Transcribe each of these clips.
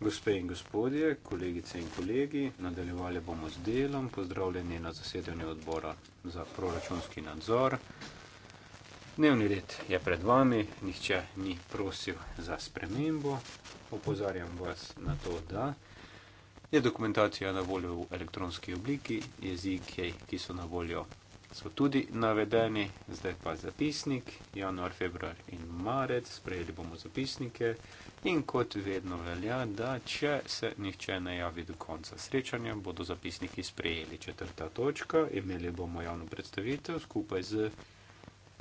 Gospe in gospodje, kolegice in kolegi, nadaljevali bomo z delom. Pozdravljeni na zasedanju odbora za proračunski nadzor. Dnevni red je pred vami, nihče ni prosil za spremembo. Opozarjam vas na to, da je dokumentacija na voljo v elektronski obliki, jezik, ki so na voljo so tudi navedeni, zdaj pa zapisnik, januar, februar in marec, sprejeli bomo zapisnike in kot vedno velja, da če se nihče ne javi do konca srečanja, bodo zapisniki sprejeli četrta točka, imeli bomo javno predstavitev skupaj z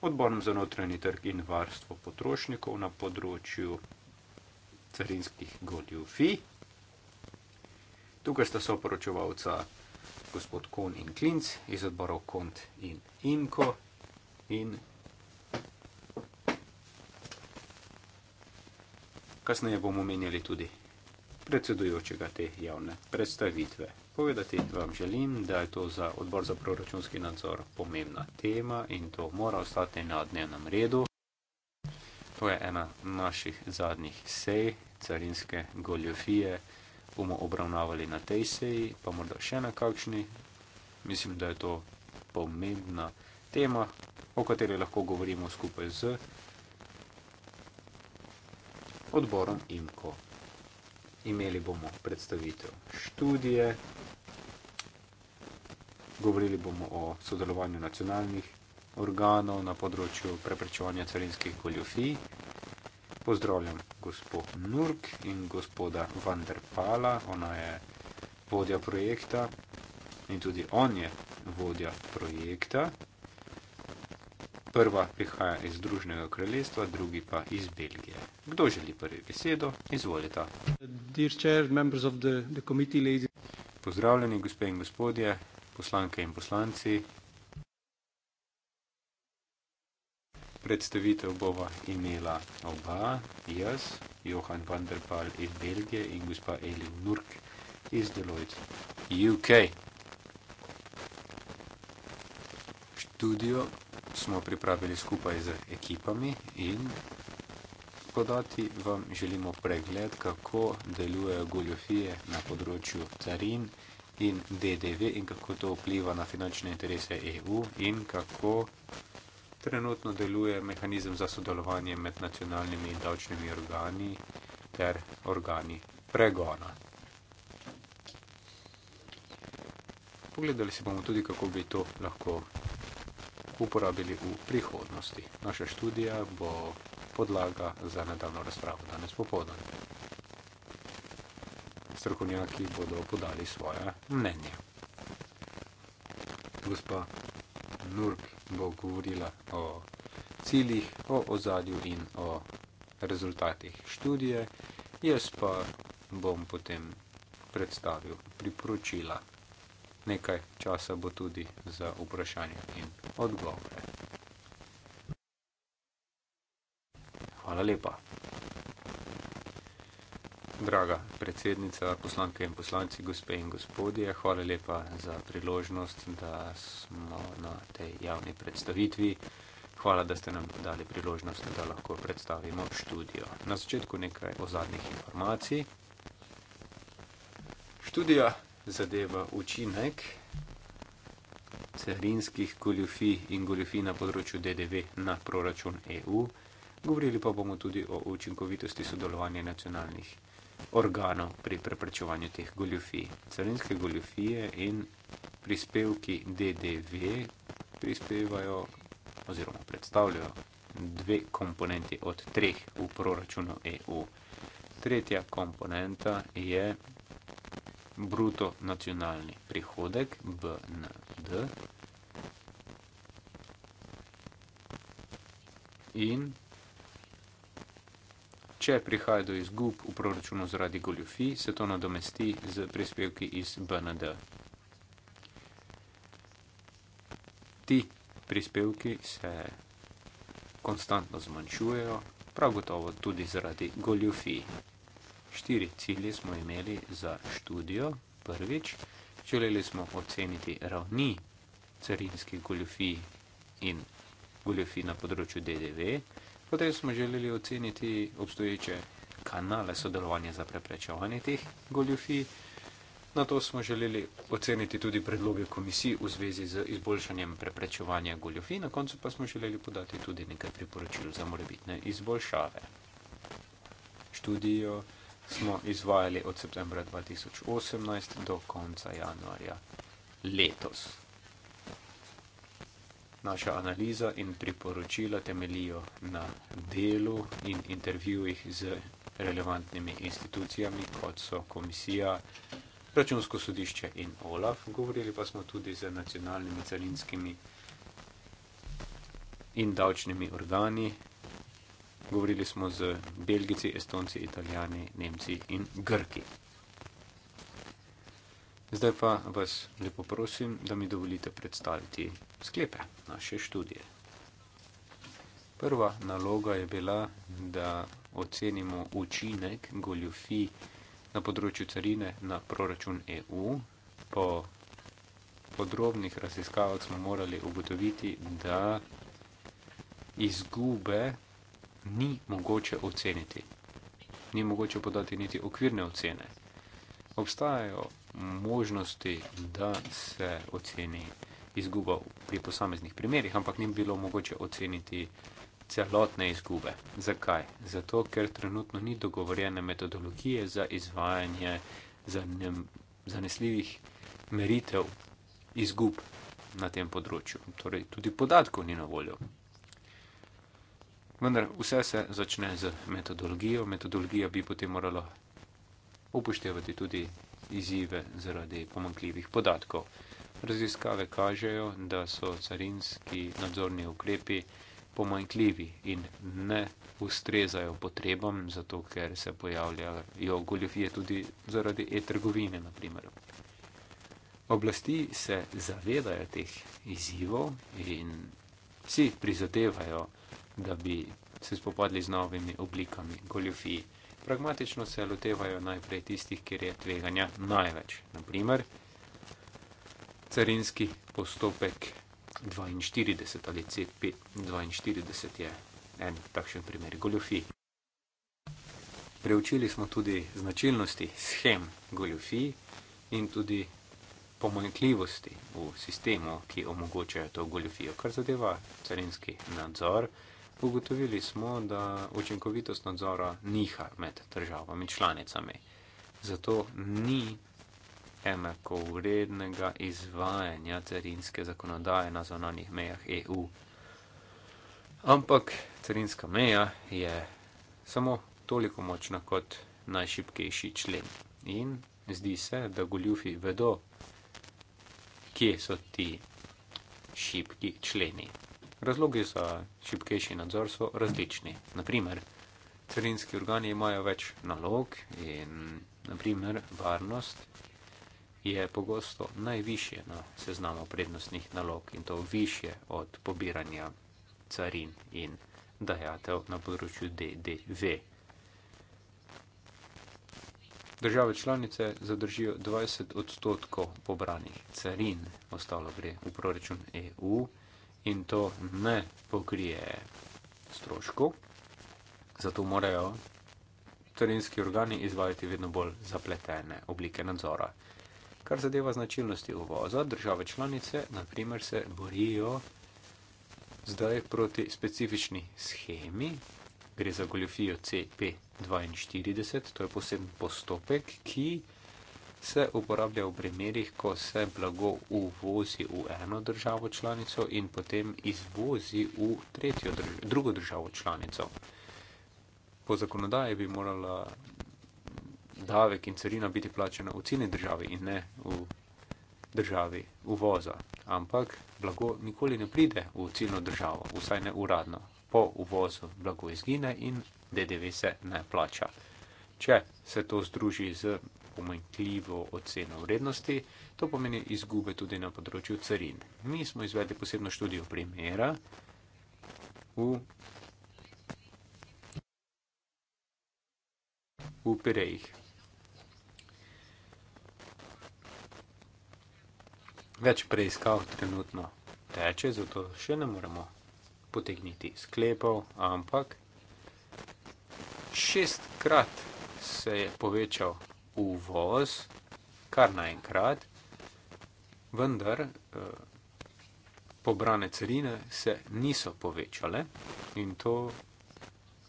odborom za notranji trg in varstvo potrošnikov na področju carinskih goljufi. Tukaj sta soporočevalca gospod Kon in Klinc iz odborov Kont in Imko in kasneje bomo omenjali tudi predsedujočega te javne predstavitve. Povedati vam želim, da je to za odbor za proračunski nadzor pomembna tema in to mora ostati na dnevnem redu. To je ena naših zadnjih sej carinske goljofije bomo obravnavali na tej seji, pa morda še na kakšni. Mislim, da je to pomembna tema, o kateri lahko govorimo skupaj z odborom IMKO. Imeli bomo predstavitev študije, govorili bomo o sodelovanju nacionalnih organov na področju preprečevanja carinskih goljofij pozdravljam gospod Nurk in gospoda Vanderpala, ona je vodja projekta in tudi on je vodja projekta. Prva prihaja iz Združnega kraljestva, drugi pa iz Belgije. Kdo želi prvi besedo? Izvolite. Pozdravljeni gospe in gospodje, poslanke in poslanci, Predstavitev bova imela oba, jaz, Johan van der Pal iz Belgije in gospa Elin Nurk iz Deloitte UK. Študijo smo pripravili skupaj z ekipami in podati vam želimo pregled, kako delujejo goljofije na področju carin in DDV in kako to vpliva na finančne interese EU in kako trenutno deluje mehanizem za sodelovanje med nacionalnimi in davčnimi organi ter organi pregona. Pogledali si bomo tudi, kako bi to lahko uporabili v prihodnosti. Naša študija bo podlaga za nedavno razpravo danes popoldne. Strokovnjaki bodo podali svoje mnenje. Gospa Nurk bo govorila o ciljih, o ozadju in o rezultatih študije, jaz pa bom potem predstavil priporočila. Nekaj časa bo tudi za vprašanje in odgovore. Hvala lepa. Draga predsednica, poslanke in poslanci, gospe in gospodje, hvala lepa za priložnost, da smo tej javni predstavitvi. Hvala, da ste nam dali priložnost, da lahko predstavimo študijo. Na začetku nekaj o zadnjih informacij. Študija zadeva učinek carinskih goljufij in goljufij na področju DDV na proračun EU. Govorili pa bomo tudi o učinkovitosti sodelovanja nacionalnih organov pri preprečevanju teh goljufij. Carinske goljufije in prispevki DDV, prispevajo oziroma predstavljajo dve komponenti od treh v proračunu EU. Tretja komponenta je bruto nacionalni prihodek BND in Če prihaja do izgub v proračunu zaradi goljofi, se to nadomesti z prispevki iz BND. ti prispevki se konstantno zmanjšujejo, prav gotovo tudi zaradi goljufij. Štiri cilje smo imeli za študijo. Prvič, želeli smo oceniti ravni carinskih goljufij in goljufij na področju DDV, potem smo želeli oceniti obstoječe kanale sodelovanja za preprečevanje teh goljufij. Na to smo želeli oceniti tudi predloge komisij v zvezi z izboljšanjem preprečevanja goljofi, na koncu pa smo želeli podati tudi nekaj priporočil za morebitne izboljšave. Študijo smo izvajali od septembra 2018 do konca januarja letos. Naša analiza in priporočila temelijo na delu in intervjujih z relevantnimi institucijami, kot so komisija, računsko sodišče in OLAF, govorili pa smo tudi z nacionalnimi carinskimi in davčnimi organi, govorili smo z Belgici, Estonci, Italijani, Nemci in Grki. Zdaj pa vas lepo prosim, da mi dovolite predstaviti sklepe naše študije. Prva naloga je bila, da ocenimo učinek goljofij na področju carine na proračun EU. Po podrobnih raziskavah smo morali ugotoviti, da izgube ni mogoče oceniti. Ni mogoče podati niti okvirne ocene. Obstajajo možnosti, da se oceni izguba pri posameznih primerih, ampak ni bilo mogoče oceniti celotne izgube. Zakaj? Zato, ker trenutno ni dogovorjene metodologije za izvajanje zanem, zanesljivih meritev izgub na tem področju. Torej, tudi podatkov ni na voljo. Vendar vse se začne z metodologijo. Metodologija bi potem morala upoštevati tudi izzive zaradi pomankljivih podatkov. Raziskave kažejo, da so carinski nadzorni ukrepi pomanjkljivi in ne ustrezajo potrebam, zato ker se pojavljajo goljofije tudi zaradi e-trgovine. Oblasti se zavedajo teh izzivov in si prizadevajo, da bi se spopadli z novimi oblikami goljofij. Pragmatično se lotevajo najprej tistih, kjer je tveganja največ, naprimer carinski postopek 42 ali CP 42 je en takšen primer goljofij. Preučili smo tudi značilnosti schem goljofij in tudi pomanjkljivosti v sistemu, ki omogočajo to goljofijo, kar zadeva carinski nadzor. Ugotovili smo, da učinkovitost nadzora niha med državami članicami. Zato ni enakovrednega izvajanja carinske zakonodaje na zonanih mejah EU. Ampak carinska meja je samo toliko močna kot najšipkejši člen. In zdi se, da goljufi vedo, kje so ti šipki členi. Razlogi za šipkejši nadzor so različni. Naprimer, carinski organi imajo več nalog in naprimer varnost je pogosto najvišje na seznamu prednostnih nalog in to više od pobiranja carin in dajatev na področju DDV. Države članice zadržijo 20 odstotkov pobranih carin, ostalo gre v proračun EU in to ne pokrije stroškov, zato morajo carinski organi izvajati vedno bolj zapletene oblike nadzora. Kar zadeva značilnosti uvoza, države članice naprimer se borijo zdaj proti specifični schemi, gre za goljofijo CP42, to je poseben postopek, ki se uporablja v primerih, ko se blago uvozi v eno državo članico in potem izvozi v drž drugo državo članico. Po zakonodaji bi morala davek in carina biti plačena v cini državi in ne v državi uvoza. Ampak blago nikoli ne pride v ciljno državo, vsaj ne uradno. Po uvozu blago izgine in DDV se ne plača. Če se to združi z pomenkljivo oceno vrednosti, to pomeni izgube tudi na področju carin. Mi smo izvedli posebno študijo primera v, v Pirejih. več preiskav trenutno teče, zato še ne moremo potegniti sklepov, ampak šestkrat se je povečal uvoz, kar naenkrat, vendar eh, pobrane carine se niso povečale in to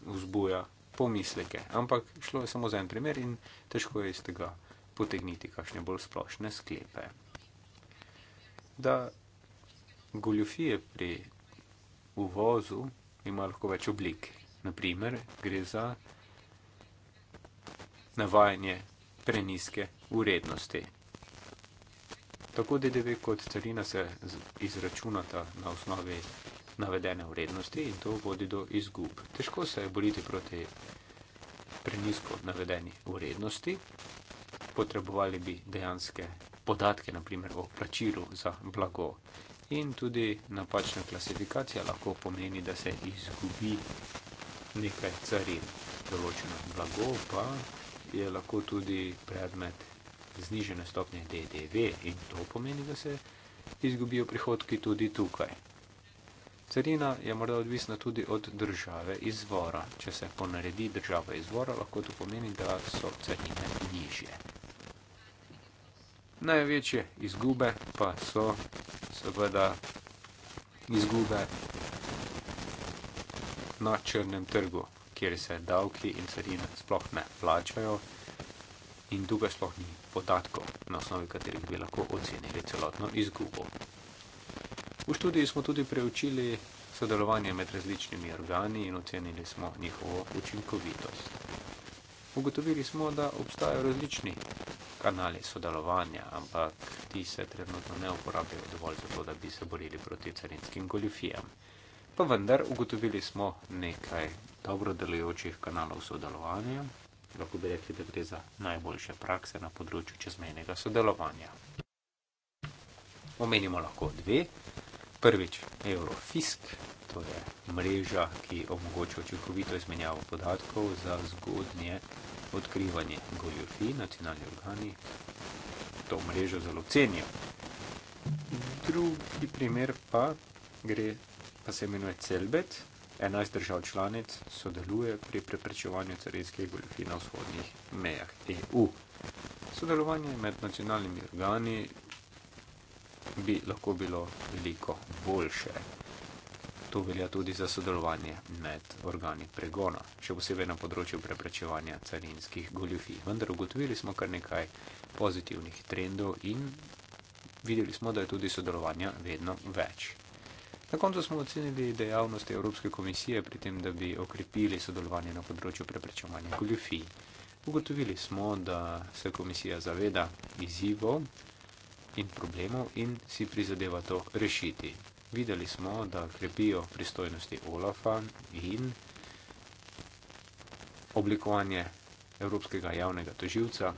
vzbuja pomisleke. Ampak šlo je samo za en primer in težko je iz tega potegniti kakšne bolj splošne sklepe da goljofije pri uvozu ima lahko več oblik. Naprimer, gre za navajanje preniske urednosti. Tako DDV kot carina se izračunata na osnovi navedene urednosti in to vodi do izgub. Težko se je boriti proti prenisko navedeni urednosti, potrebovali bi dejanske podatke, naprimer o plačilu za blago. In tudi napačna klasifikacija lahko pomeni, da se izgubi nekaj carin. Določeno blago pa je lahko tudi predmet znižene stopnje DDV in to pomeni, da se izgubijo prihodki tudi tukaj. Carina je morda odvisna tudi od države izvora. Če se ponaredi država izvora, lahko to pomeni, da so carine nižje. Največje izgube pa so seveda izgube na črnem trgu, kjer se davki in carine sploh ne plačajo in tukaj sploh ni podatkov, na osnovi katerih bi lahko ocenili celotno izgubo. V študiji smo tudi preučili sodelovanje med različnimi organi in ocenili smo njihovo učinkovitost. Ugotovili smo, da obstajajo različni kanali sodelovanja, ampak ti se trenutno ne uporabljajo dovolj za to, da bi se borili proti carinskim goljufijam. Pa vendar ugotovili smo nekaj dobro delujočih kanalov sodelovanja, lahko bi rekli, da gre za najboljše prakse na področju čezmejnega sodelovanja. Omenimo lahko dve. Prvič, Eurofisk, to je mreža, ki omogoča učinkovito izmenjavo podatkov za zgodnje odkrivanje goljufij, nacionalni organi to mrežo zelo cenijo. Drugi primer pa gre, pa se imenuje Celbet. 11 držav članic sodeluje pri preprečevanju carinskih goljufij na vzhodnih mejah EU. Sodelovanje med nacionalnimi organi bi lahko bilo veliko boljše. To velja tudi za sodelovanje med organi pregona še posebej na področju preprečevanja carinskih goljufij. Vendar ugotovili smo kar nekaj pozitivnih trendov in videli smo, da je tudi sodelovanja vedno več. Na koncu smo ocenili dejavnosti Evropske komisije pri tem, da bi okrepili sodelovanje na področju preprečevanja goljufij. Ugotovili smo, da se komisija zaveda izzivov in problemov in si prizadeva to rešiti. Videli smo, da krepijo pristojnosti Olafa in oblikovanje Evropskega javnega toživca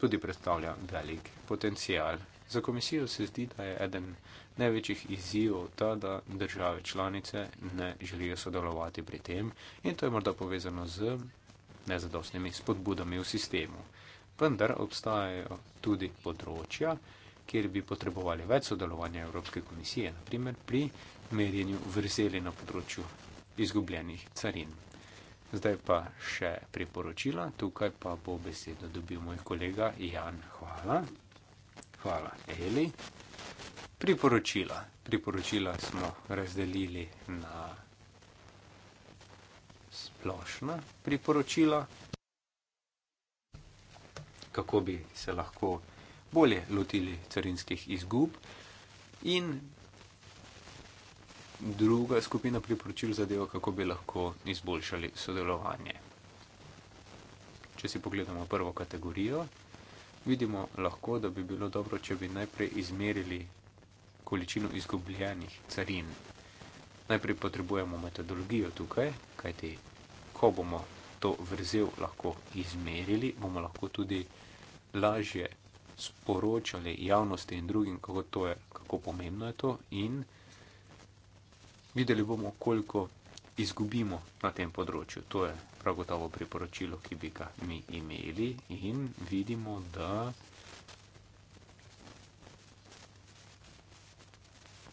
tudi predstavlja velik potencial. Za komisijo se zdi, da je eden največjih izzivov ta, da države članice ne želijo sodelovati pri tem in to je morda povezano z nezadostnimi spodbudami v sistemu. Vendar obstajajo tudi področja, kjer bi potrebovali več sodelovanja Evropske komisije, naprimer pri merjenju vrzeli na področju izgubljenih carin. Zdaj pa še priporočila, tukaj pa bo besedo dobil moj kolega Jan. Hvala. Hvala, Eli. Priporočila. Priporočila smo razdelili na splošna priporočila, kako bi se lahko bolje lotili carinskih izgub in druga skupina priporočil zadeva, kako bi lahko izboljšali sodelovanje. Če si pogledamo prvo kategorijo, vidimo lahko, da bi bilo dobro, če bi najprej izmerili količino izgubljenih carin. Najprej potrebujemo metodologijo tukaj, kajti ko bomo to vrzel lahko izmerili, bomo lahko tudi lažje sporočali javnosti in drugim, kako, to je, kako pomembno je to in kako. Videli bomo, koliko izgubimo na tem področju. To je prav gotovo priporočilo, ki bi ga mi imeli in vidimo, da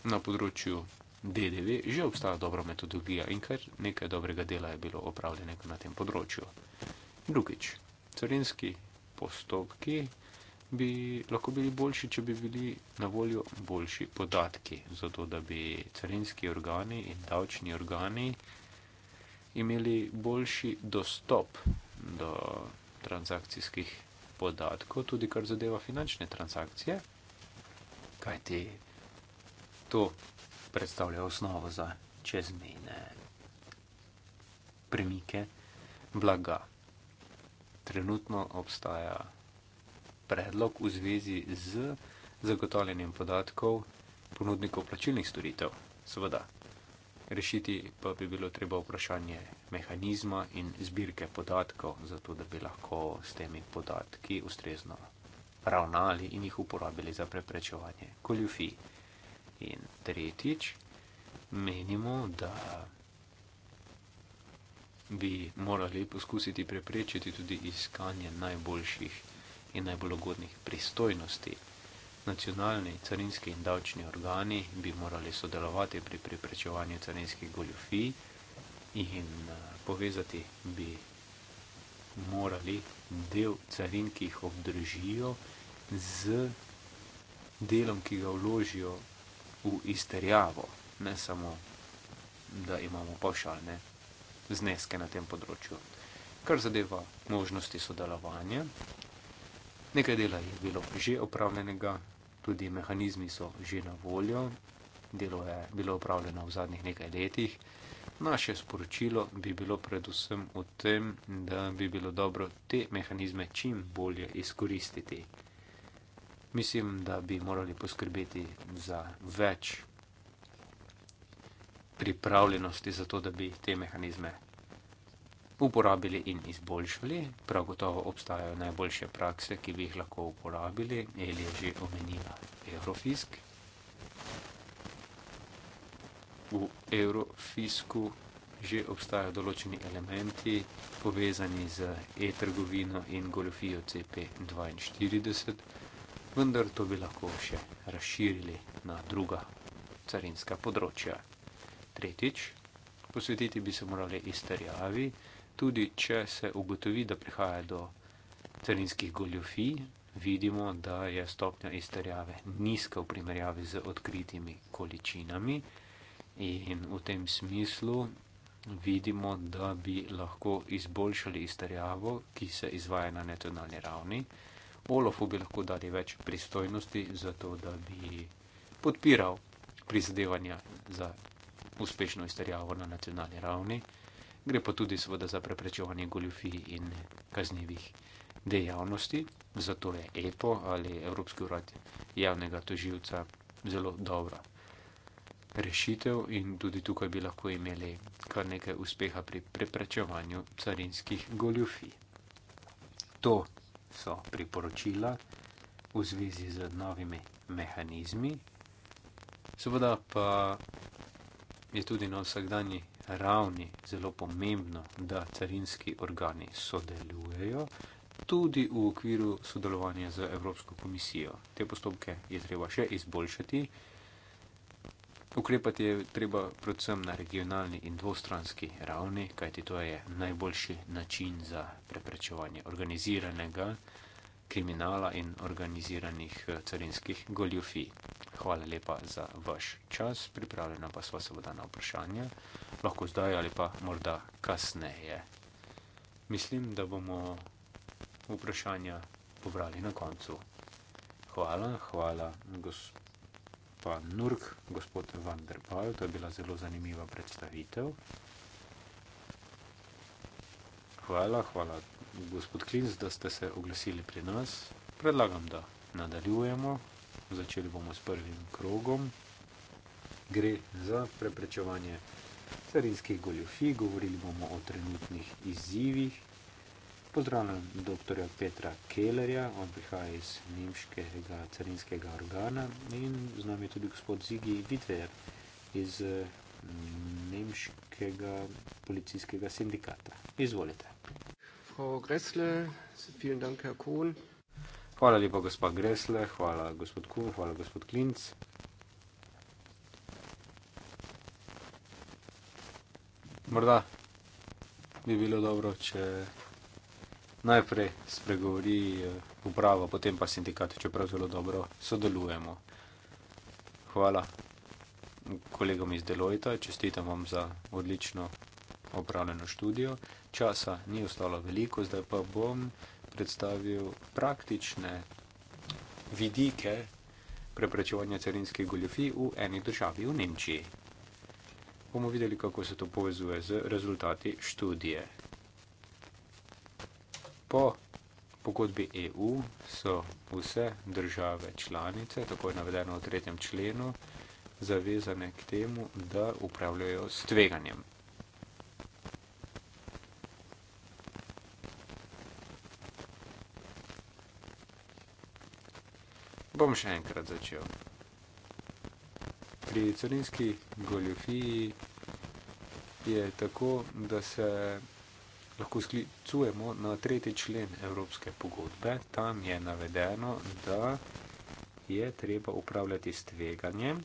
na področju DDV že obstaja dobra metodologija in kar nekaj dobrega dela je bilo opravljenega na tem področju. Drugič, carinski postopki bi lahko bili boljši, če bi bili na voljo boljši podatki, zato da bi carinski organi in davčni organi imeli boljši dostop do transakcijskih podatkov, tudi kar zadeva finančne transakcije, kajti to predstavlja osnovo za čezmejne premike blaga. Trenutno obstaja predlog v zvezi z zagotavljanjem podatkov ponudnikov plačilnih storitev, seveda. Rešiti pa bi bilo treba vprašanje mehanizma in zbirke podatkov, zato da bi lahko s temi podatki ustrezno ravnali in jih uporabili za preprečevanje goljufij. In tretjič, menimo, da bi morali poskusiti preprečiti tudi iskanje najboljših podatkov in najbolj ugodnih pristojnosti. Nacionalni carinski in davčni organi bi morali sodelovati pri preprečevanju carinskih goljofij in uh, povezati bi morali del carin, ki jih obdržijo, z delom, ki ga vložijo v izterjavo, ne samo, da imamo pavšalne zneske na tem področju. Kar zadeva možnosti sodelovanja, Nekaj dela je bilo že opravljenega, tudi mehanizmi so že na voljo, delo je bilo opravljeno v zadnjih nekaj letih. Naše sporočilo bi bilo predvsem v tem, da bi bilo dobro te mehanizme čim bolje izkoristiti. Mislim, da bi morali poskrbeti za več pripravljenosti za to, da bi te mehanizme uporabili in izboljšali. Prav gotovo obstajajo najboljše prakse, ki bi jih lahko uporabili. Eli je že omenila Eurofisk. V Eurofisku že obstajajo določeni elementi povezani z e-trgovino in goljofijo CP42, vendar to bi lahko še razširili na druga carinska področja. Tretjič, posvetiti bi se morali izterjavi, tudi če se ugotovi, da prihaja do carinskih goljofij, vidimo, da je stopnja izterjave nizka v primerjavi z odkritimi količinami. In v tem smislu vidimo, da bi lahko izboljšali izterjavo, ki se izvaja na nacionalni ravni. Olofu bi lahko dali več pristojnosti za to, da bi podpiral prizadevanja za uspešno izterjavo na nacionalni ravni gre pa tudi seveda za preprečevanje goljufij in kaznjivih dejavnosti. Zato je EPO ali Evropski urad javnega toživca zelo dobra rešitev in tudi tukaj bi lahko imeli kar nekaj uspeha pri preprečevanju carinskih goljufij. To so priporočila v zvezi z novimi mehanizmi. Seveda pa je tudi na vsakdanji ravni zelo pomembno, da carinski organi sodelujejo tudi v okviru sodelovanja z Evropsko komisijo. Te postopke je treba še izboljšati. Ukrepati je treba predvsem na regionalni in dvostranski ravni, kajti to je najboljši način za preprečevanje organiziranega kriminala in organiziranih eh, carinskih goljofij. Hvala lepa za vaš čas, pripravljena pa sva seveda na vprašanje, lahko zdaj ali pa morda kasneje. Mislim, da bomo vprašanja pobrali na koncu. Hvala, hvala gospa Nurk, gospod Van der Pajl, to je bila zelo zanimiva predstavitev. Hvala, hvala gospod Klinc, da ste se oglasili pri nas. Predlagam, da nadaljujemo začeli bomo s prvim krogom. Gre za preprečevanje carinskih goljofij, govorili bomo o trenutnih izzivih. Pozdravljam dr. Petra Kellerja, on prihaja iz nemškega carinskega organa in z nami je tudi gospod Zigi Vitver iz mm, nemškega policijskega sindikata. Izvolite. Frau Gressle, vielen Dank, Herr Kohn. Hvala lepa, gospod Gresle, hvala, gospod Kuhn, hvala, gospod Klinc. Morda bi bilo dobro, če najprej spregovori eh, uprava, potem pa sindikat, čeprav zelo dobro sodelujemo. Hvala kolegom iz Deloita, čestitam vam za odlično opravljeno študijo. Časa ni ostalo veliko, zdaj pa bom predstavil praktične vidike preprečevanja carinskih goljofij v eni državi v Nemčiji. Bomo videli, kako se to povezuje z rezultati študije. Po pogodbi EU so vse države članice, tako je navedeno v tretjem členu, zavezane k temu, da upravljajo s tveganjem. Bom še enkrat začel. Pri carinski goljofiji je tako, da se lahko sklicujemo na tretji člen Evropske pogodbe. Tam je navedeno, da je treba upravljati s tveganjem,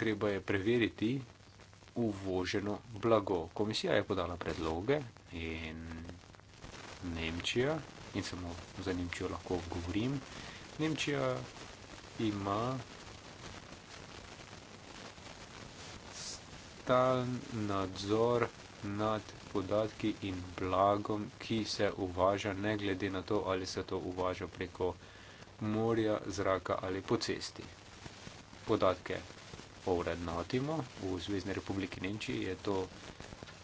treba je preveriti uvoženo blago. Komisija je podala predloge in Nemčija in samo za Nemčijo lahko govorim. Nemčija ima stalen nadzor nad podatki in blagom, ki se uvaža, ne glede na to, ali se to uvaža preko morja, zraka ali po cesti. Podatke ovrednotimo, v Zvezdni republiki Nemčiji je to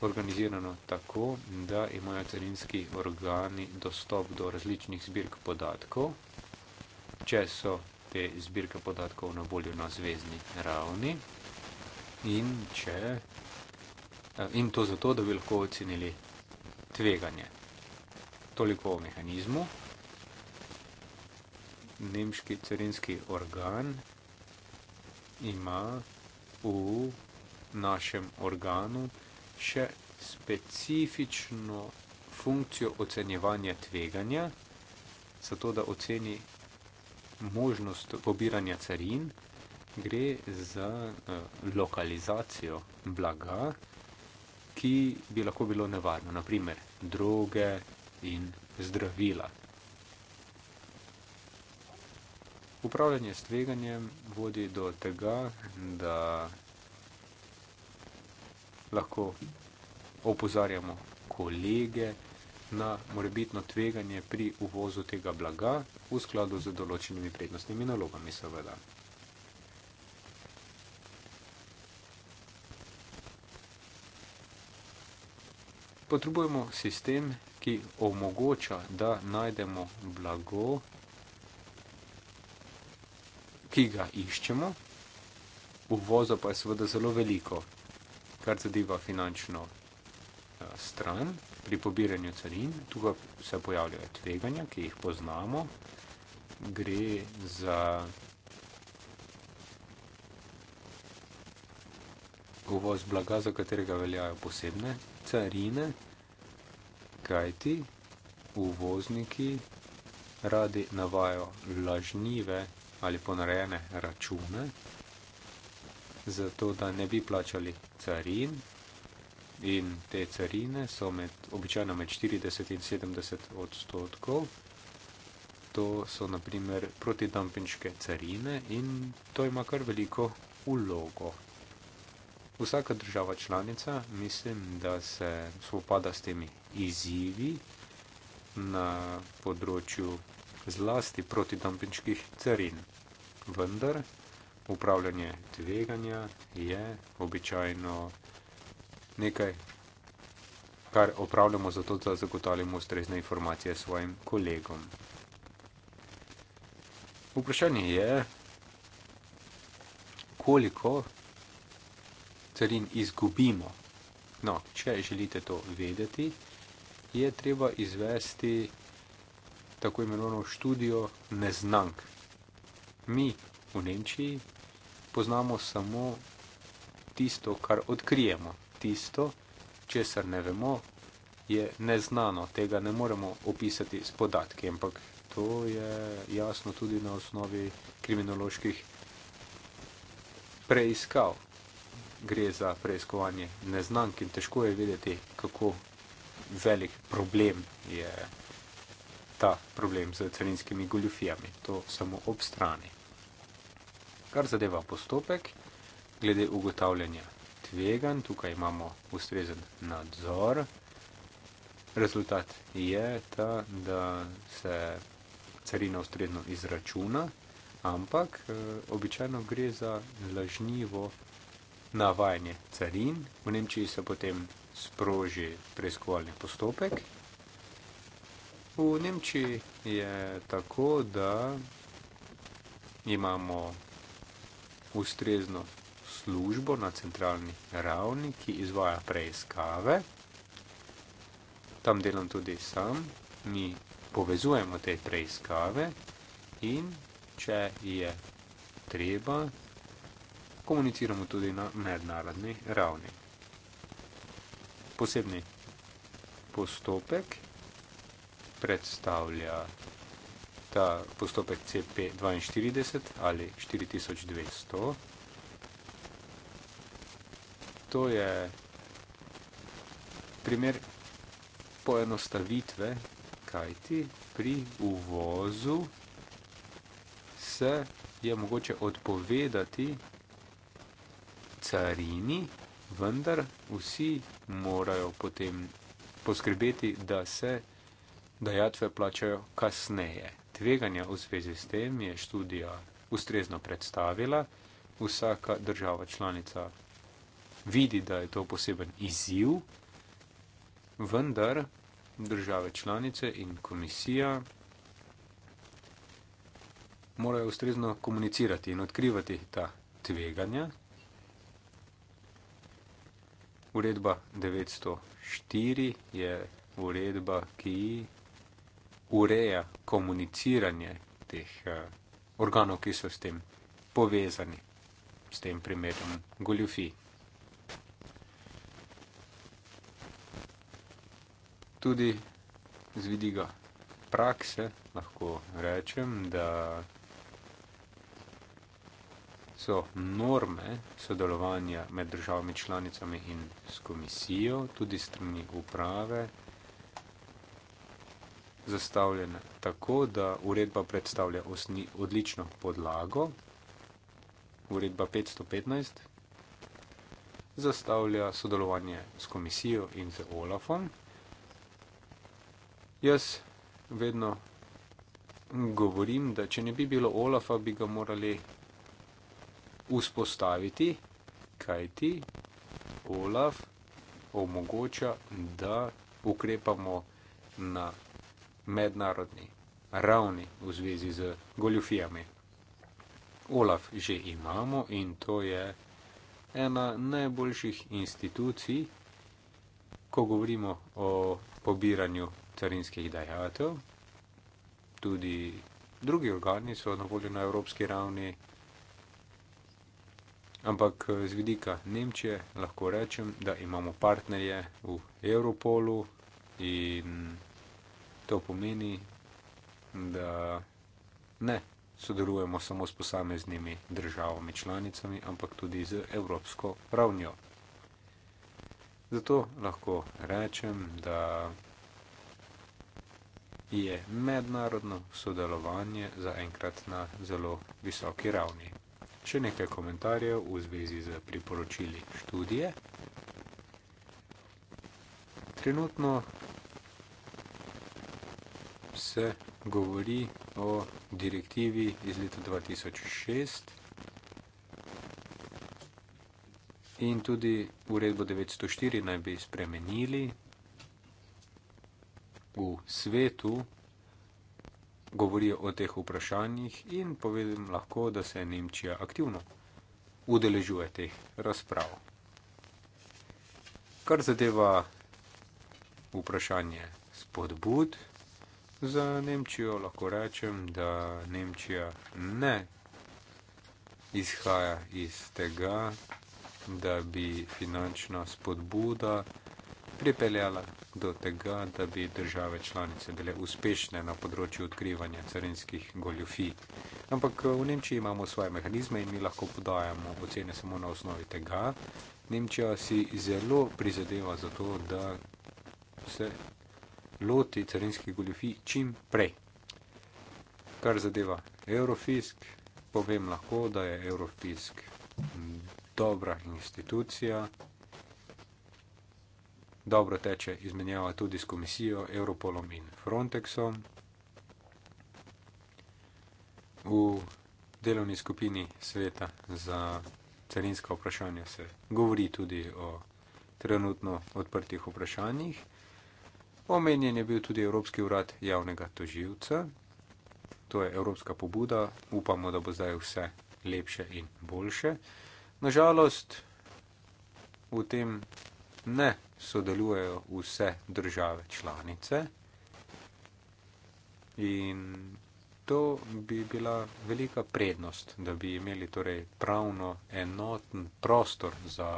organizirano tako, da imajo carinski organi dostop do različnih zbirk podatkov, če so te zbirke podatkov na voljo na zvezdni ravni in, če, eh, in to zato, da bi lahko ocenili tveganje. Toliko o mehanizmu. Nemški carinski organ ima v našem organu še specifično funkcijo ocenjevanja tveganja, zato da oceni možnost pobiranja carin, gre za eh, lokalizacijo blaga, ki bi lahko bilo nevarno, naprimer droge in zdravila. Upravljanje s tveganjem vodi do tega, da lahko opozarjamo kolege na morebitno tveganje pri uvozu tega blaga v skladu z določenimi prednostnimi nalogami, seveda. Potrebujemo sistem, ki omogoča, da najdemo blago, ki ga iščemo, uvoza pa je seveda zelo veliko kar zadeva finančno eh, stran pri pobiranju carin. Tukaj se pojavljajo tveganja, ki jih poznamo. Gre za uvoz blaga, za katerega veljajo posebne carine, kajti uvozniki radi navajo lažnive ali ponarejene račune, zato da ne bi plačali carin in te carine so med, običajno med 40 in 70 odstotkov. To so naprimer protidampinške carine in to ima kar veliko ulogo. Vsaka država članica mislim, da se spopada s temi izzivi na področju zlasti protidampinških carin. Vendar upravljanje tveganja je običajno nekaj, kar opravljamo zato, da zagotavljamo ustrezne informacije svojim kolegom. Vprašanje je, koliko carin izgubimo. No, če želite to vedeti, je treba izvesti tako imenovano študijo neznank. Mi v Nemčiji poznamo samo tisto, kar odkrijemo. Tisto, česar ne vemo, je neznano, tega ne moremo opisati s podatki, ampak to je jasno tudi na osnovi kriminoloških preiskav. Gre za preiskovanje neznank in težko je vedeti, kako velik problem je ta problem z carinskimi goljufijami. To samo ob strani kar zadeva postopek, glede ugotavljanja tvegan, tukaj imamo ustrezen nadzor. Rezultat je ta, da se carina ustredno izračuna, ampak eh, običajno gre za lažnivo navajanje carin. V Nemčiji se potem sproži preiskovalni postopek. V Nemčiji je tako, da imamo ustrezno službo na centralni ravni, ki izvaja preiskave. Tam delam tudi sam, mi povezujemo te preiskave in če je treba, komuniciramo tudi na mednarodni ravni. Posebni postopek predstavlja ta postopek CP42 ali 4200. To je primer poenostavitve, kaj ti pri uvozu se je mogoče odpovedati carini, vendar vsi morajo potem poskrbeti, da se dajatve plačajo kasneje tveganja v zvezi s tem je študija ustrezno predstavila. Vsaka država članica vidi, da je to poseben izziv, vendar države članice in komisija morajo ustrezno komunicirati in odkrivati ta tveganja. Uredba 904 je uredba, ki ureja komuniciranje teh uh, organov, ki so s tem povezani, s tem primerom goljufi. Tudi z vidika prakse lahko rečem, da so norme sodelovanja med državami članicami in s komisijo, tudi strani uprave, zastavljen tako, da uredba predstavlja osni, odlično podlago. Uredba 515 zastavlja sodelovanje s komisijo in z Olafom. Jaz vedno govorim, da če ne bi bilo Olafa, bi ga morali vzpostaviti, kajti Olaf omogoča, da ukrepamo na mednarodni ravni v zvezi z goljufijami. OLAF že imamo in to je ena najboljših institucij, ko govorimo o pobiranju carinskih dajatev. Tudi drugi organi so na voljo na evropski ravni, ampak eh, z vidika Nemčije lahko rečem, da imamo partnerje v Europolu in To pomeni, da ne sodelujemo samo s posameznimi državami članicami, ampak tudi z evropsko ravnjo. Zato lahko rečem, da je mednarodno sodelovanje zaenkrat na zelo visoki ravni. Še nekaj komentarjev v zvezi z priporočili študije. Trenutno se govori o direktivi iz leta 2006 in tudi uredbo 904 naj bi spremenili. V svetu govorijo o teh vprašanjih in povedem lahko, da se Nemčija aktivno udeležuje teh razprav. Kar zadeva vprašanje spodbud, Za Nemčijo lahko rečem, da Nemčija ne izhaja iz tega, da bi finančna spodbuda pripeljala do tega, da bi države članice bile uspešne na področju odkrivanja carinskih goljofij. Ampak eh, v Nemčiji imamo svoje mehanizme in mi lahko podajamo ocene samo na osnovi tega. Nemčija si zelo prizadeva za to, da se loti carinskih goljofij čim prej. Kar zadeva Eurofisk, povem lahko, da je Eurofisk dobra institucija, dobro teče izmenjava tudi s komisijo Europolom in Frontexom. V delovni skupini sveta za carinska vprašanja se govori tudi o trenutno odprtih vprašanjih. Omenjen je bil tudi Evropski urad javnega toživca. To je evropska pobuda, upamo, da bo zdaj vse lepše in boljše. Nažalost, v tem ne sodelujejo vse države članice in to bi bila velika prednost, da bi imeli torej pravno enoten prostor za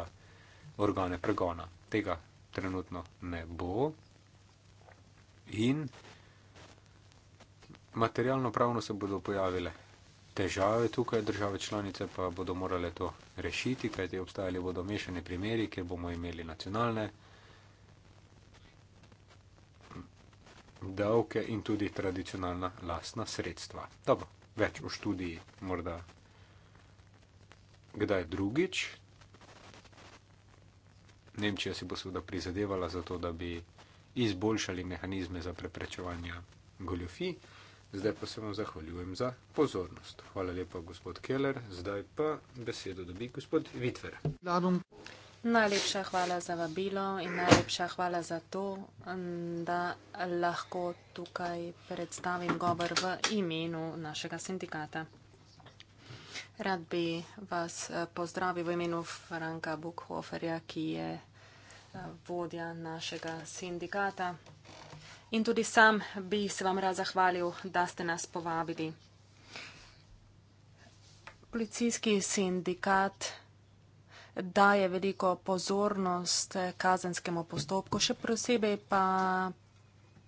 organe pregona. Tega trenutno ne bo in materialno pravno se bodo pojavile težave tukaj, države članice pa bodo morale to rešiti, kajti obstajali bodo mešani primeri, kjer bomo imeli nacionalne davke in tudi tradicionalna lastna sredstva. Dobro, več v študiji morda kdaj drugič. Nemčija si bo seveda prizadevala za to, da bi izboljšali mehanizme za preprečevanje goljofi. Zdaj pa se vam zahvaljujem za pozornost. Hvala lepa, gospod Keller. Zdaj pa besedo dobi gospod Vitver. Ladum. Najlepša hvala za vabilo in najlepša hvala za to, da lahko tukaj predstavim govor v imenu našega sindikata. Rad bi vas pozdravil v imenu Franka Bukhoferja, ki je vodja našega sindikata. In tudi sam bi se vam rad zahvalil, da ste nas povabili. Policijski sindikat daje veliko pozornost kazenskemu postopku, še posebej pa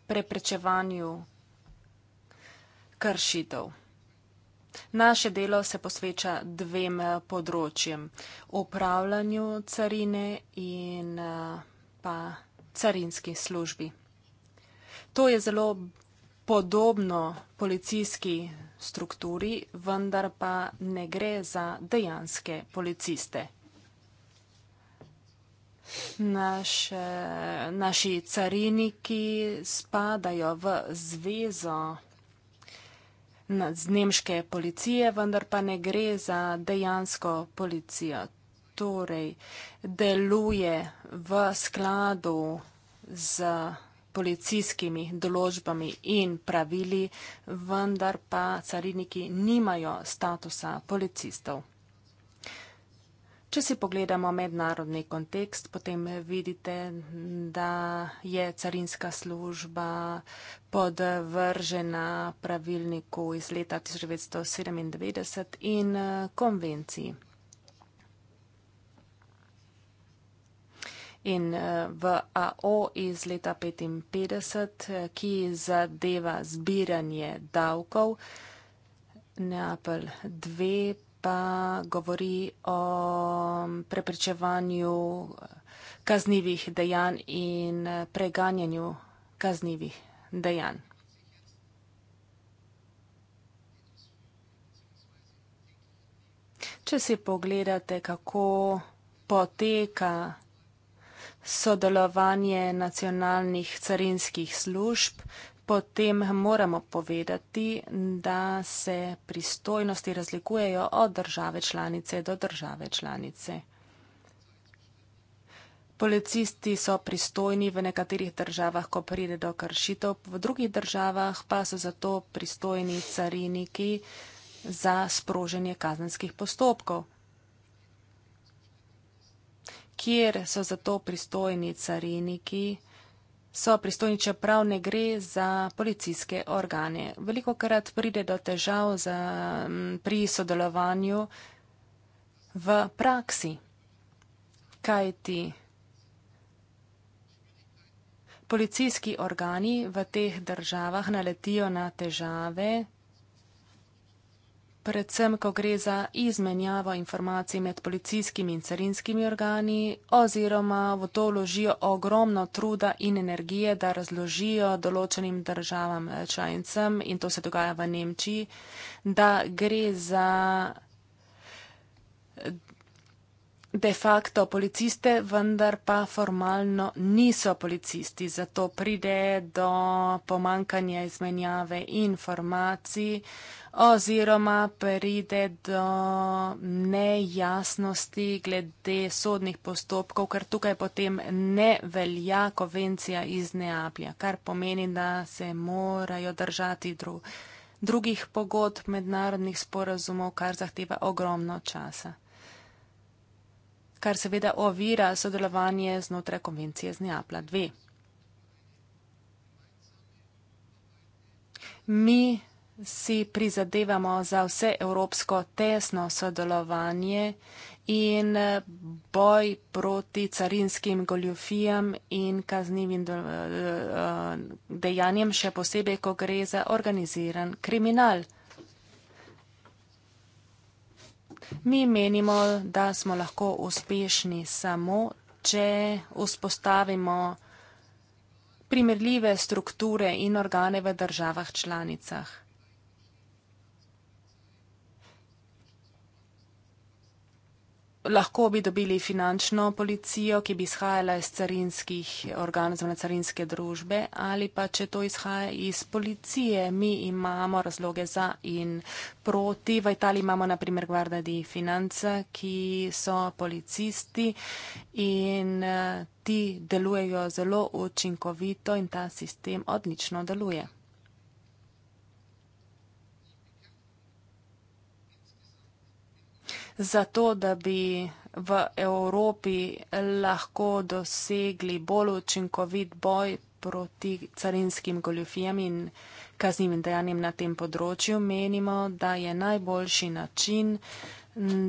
preprečevanju kršitev. Naše delo se posveča dvem eh, področjem: upravljanju carine in eh, pa carinski službi. To je zelo podobno policijski strukturi, vendar pa ne gre za dejanske policiste. Naš, naši cariniki spadajo v zvezo z nemške policije, vendar pa ne gre za dejansko policijo. Torej, deluje v skladu z policijskimi določbami in pravili, vendar pa cariniki nimajo statusa policistov. Če si pogledamo mednarodni kontekst, potem vidite, da je carinska služba podvržena pravilniku iz leta 1997 in eh, konvenciji. In eh, v AO iz leta 1955, eh, ki zadeva zbiranje davkov, Neapel 2 pa govori o preprečevanju kaznivih dejanj in preganjanju kaznivih dejanj. Če si pogledate, kako poteka sodelovanje nacionalnih carinskih služb, potem moramo povedati, da se pristojnosti razlikujejo od države članice do države članice. Policisti so pristojni v nekaterih državah, ko pride do kršitev, v drugih državah pa so zato pristojni cariniki za sproženje kazenskih postopkov. Kjer so zato pristojni cariniki? so pristojni, čeprav ne gre za policijske organe. Veliko krat pride do težav za, pri sodelovanju v praksi, kajti policijski organi v teh državah naletijo na težave predvsem, ko gre za izmenjavo informacij med policijskimi in carinskimi organi, oziroma v to vložijo ogromno truda in energije, da razložijo določenim državam eh, članicam, in to se dogaja v Nemčiji, da gre za de facto policiste, vendar pa formalno niso policisti. Zato pride do pomankanja izmenjave informacij oziroma pride do nejasnosti glede sodnih postopkov, ker tukaj potem ne velja konvencija iz Neaplja, kar pomeni, da se morajo držati dru drugih pogodb, mednarodnih sporazumov, kar zahteva ogromno časa kar seveda ovira sodelovanje znotraj konvencije z Neapla 2. Mi si prizadevamo za vse evropsko tesno sodelovanje in boj proti carinskim goljufijam in kaznivim eh, eh, dejanjem, še posebej, ko gre za organiziran kriminal. Mi menimo, da smo lahko uspešni samo, če vzpostavimo primerljive strukture in organe v državah članicah. lahko bi dobili finančno policijo, ki bi izhajala iz carinskih organov, ne carinske družbe, ali pa če to izhaja iz policije, mi imamo razloge za in proti. V Italiji imamo naprimer Guarda di Finanza, ki so policisti in eh, ti delujejo zelo učinkovito in ta sistem odlično deluje. zato, da bi v Evropi lahko dosegli bolj učinkovit boj proti carinskim goljufijam in kaznjivim dejanjem na tem področju, menimo, da je najboljši način,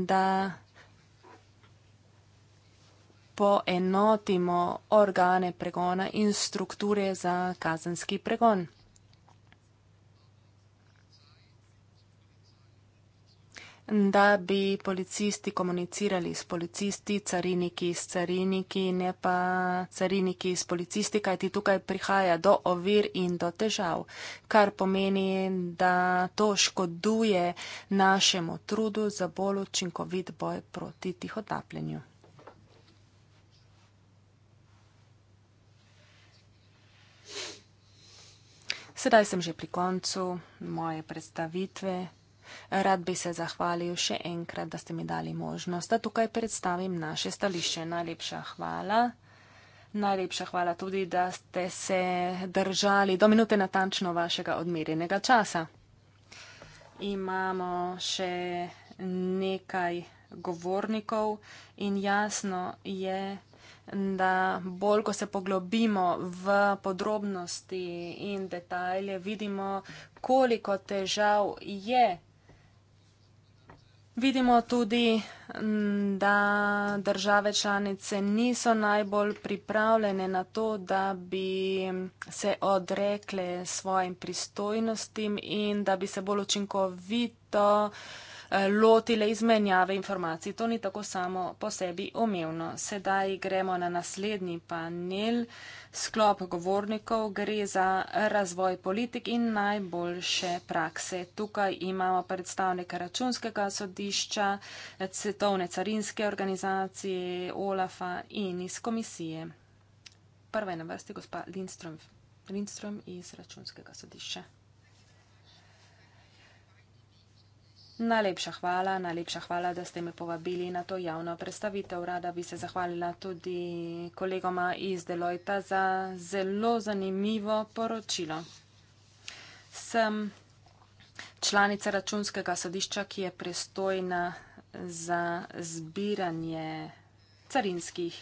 da poenotimo organe pregona in strukture za kazenski pregon. da bi policisti komunicirali s policisti, cariniki s cariniki, ne pa cariniki s policisti, kajti tukaj prihaja do ovir in do težav, kar pomeni, da to škoduje našemu trudu za bolj učinkovit boj proti tihotapljenju. Sedaj sem že pri koncu moje predstavitve. Rad bi se zahvalil še enkrat, da ste mi dali možnost, da tukaj predstavim naše stališče. Najlepša hvala. Najlepša hvala tudi, da ste se držali do minute natančno vašega odmerjenega časa. Imamo še nekaj govornikov in jasno je, da bolj, ko se poglobimo v podrobnosti in detalje, vidimo, koliko težav je. Vidimo tudi, mm, da države članice niso najbolj pripravljene na to, da bi se odrekle svojim pristojnostim in da bi se bolj učinkovito Eh, lotile izmenjave informacij. To ni tako samo po sebi omevno. Sedaj gremo na naslednji panel. Sklop govornikov gre za razvoj politik in najboljše prakse. Tukaj imamo predstavnika računskega sodišča, svetovne carinske organizacije, OLAFA in iz komisije. Prva je na vrsti gospa Lindström, Lindström iz računskega sodišča. Najlepša hvala, najlepša hvala, da ste me povabili na to javno predstavitev. Rada bi se zahvalila tudi kolegoma iz Deloita za zelo zanimivo poročilo. Sem članica računskega sodišča, ki je prestojna za zbiranje carinskih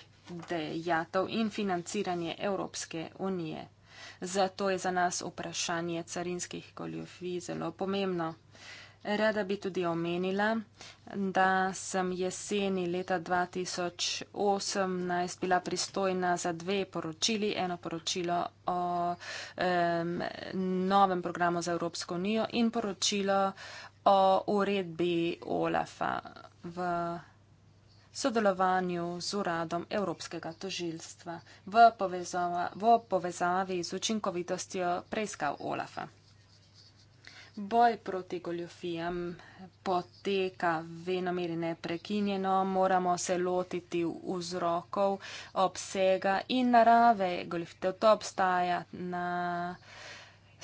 dejatov in financiranje Evropske unije. Zato je za nas vprašanje carinskih goljofij zelo pomembno. Rada bi tudi omenila, da sem jeseni leta 2018 bila pristojna za dve poročili. Eno poročilo o um, novem programu za Evropsko unijo in poročilo o uredbi OLAF-a v sodelovanju z uradom Evropskega tožilstva v, povezava, v povezavi z učinkovitostjo preiskav OLAF-a. Boj proti goljofijam poteka venomer neprekinjeno, moramo se lotiti vzrokov, obsega in narave goljofitev. To obstaja na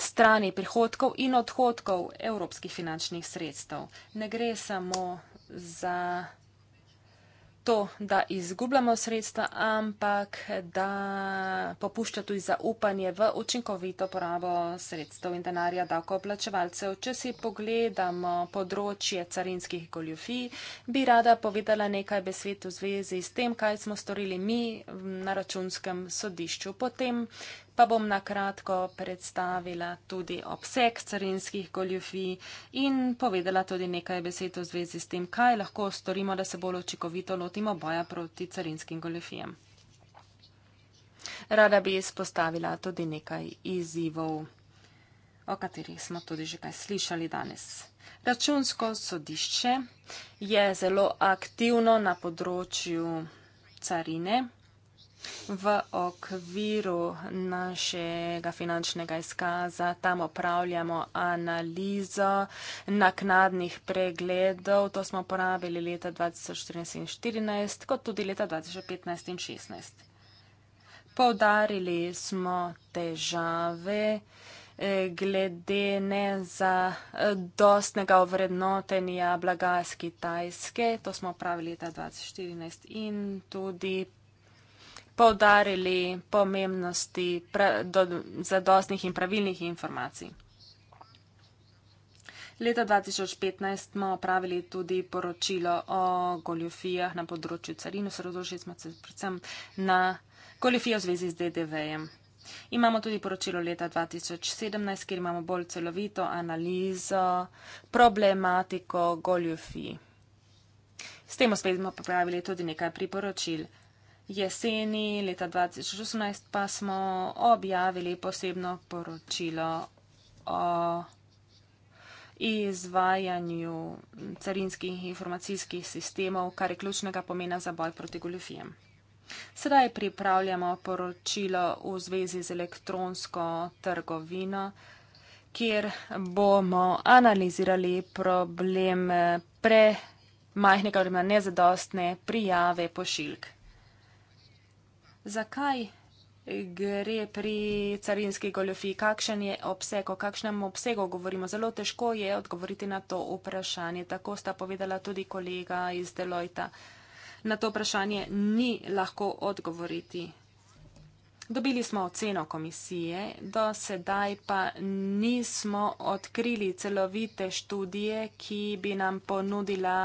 strani prihodkov in odhodkov evropskih finančnih sredstev. Ne gre samo za to, da izgubljamo sredstva, ampak da popušča tudi zaupanje v učinkovito porabo sredstev in denarja davkoplačevalcev. Če si pogledamo področje carinskih goljufij, bi rada povedala nekaj besed v zvezi s tem, kaj smo storili mi na računskem sodišču. Potem pa bom na kratko predstavila tudi obseg carinskih goljufij in povedala tudi nekaj besed v zvezi s tem, kaj lahko storimo, da se bolj očikovito lotimo boja proti carinskim goljufijem. Rada bi izpostavila tudi nekaj izzivov, o katerih smo tudi že kaj slišali danes. Računsko sodišče je zelo aktivno na področju carine v okviru našega finančnega izkaza. Tam opravljamo analizo naknadnih pregledov. To smo uporabili leta 2014 in 2014, kot tudi leta 2015 in 2016. Povdarili smo težave eh, glede nezadostnega eh, ovrednotenja blaga z Kitajske. To smo pravili leta 2014 in tudi poudarili pomembnosti pra, do, zadostnih in pravilnih informacij. Leta 2015 smo opravili tudi poročilo o goljofijah na področju carino, sredožili smo se predvsem na goljofijo v zvezi z DDV-jem. Imamo tudi poročilo leta 2017, kjer imamo bolj celovito analizo problematiko goljofij. S tem uspešno smo popravili tudi nekaj priporočil jeseni leta 2018 pa smo objavili posebno poročilo o izvajanju carinskih informacijskih sistemov, kar je ključnega pomena za boj proti goljofijem. Sedaj pripravljamo poročilo v zvezi z elektronsko trgovino, kjer bomo analizirali problem pre majhnega vremena nezadostne prijave pošiljk zakaj gre pri carinski goljofiji, kakšen je obseg, o kakšnem obsegu govorimo. Zelo težko je odgovoriti na to vprašanje. Tako sta povedala tudi kolega iz Deloita. Na to vprašanje ni lahko odgovoriti. Dobili smo oceno komisije, do sedaj pa nismo odkrili celovite študije, ki bi nam ponudila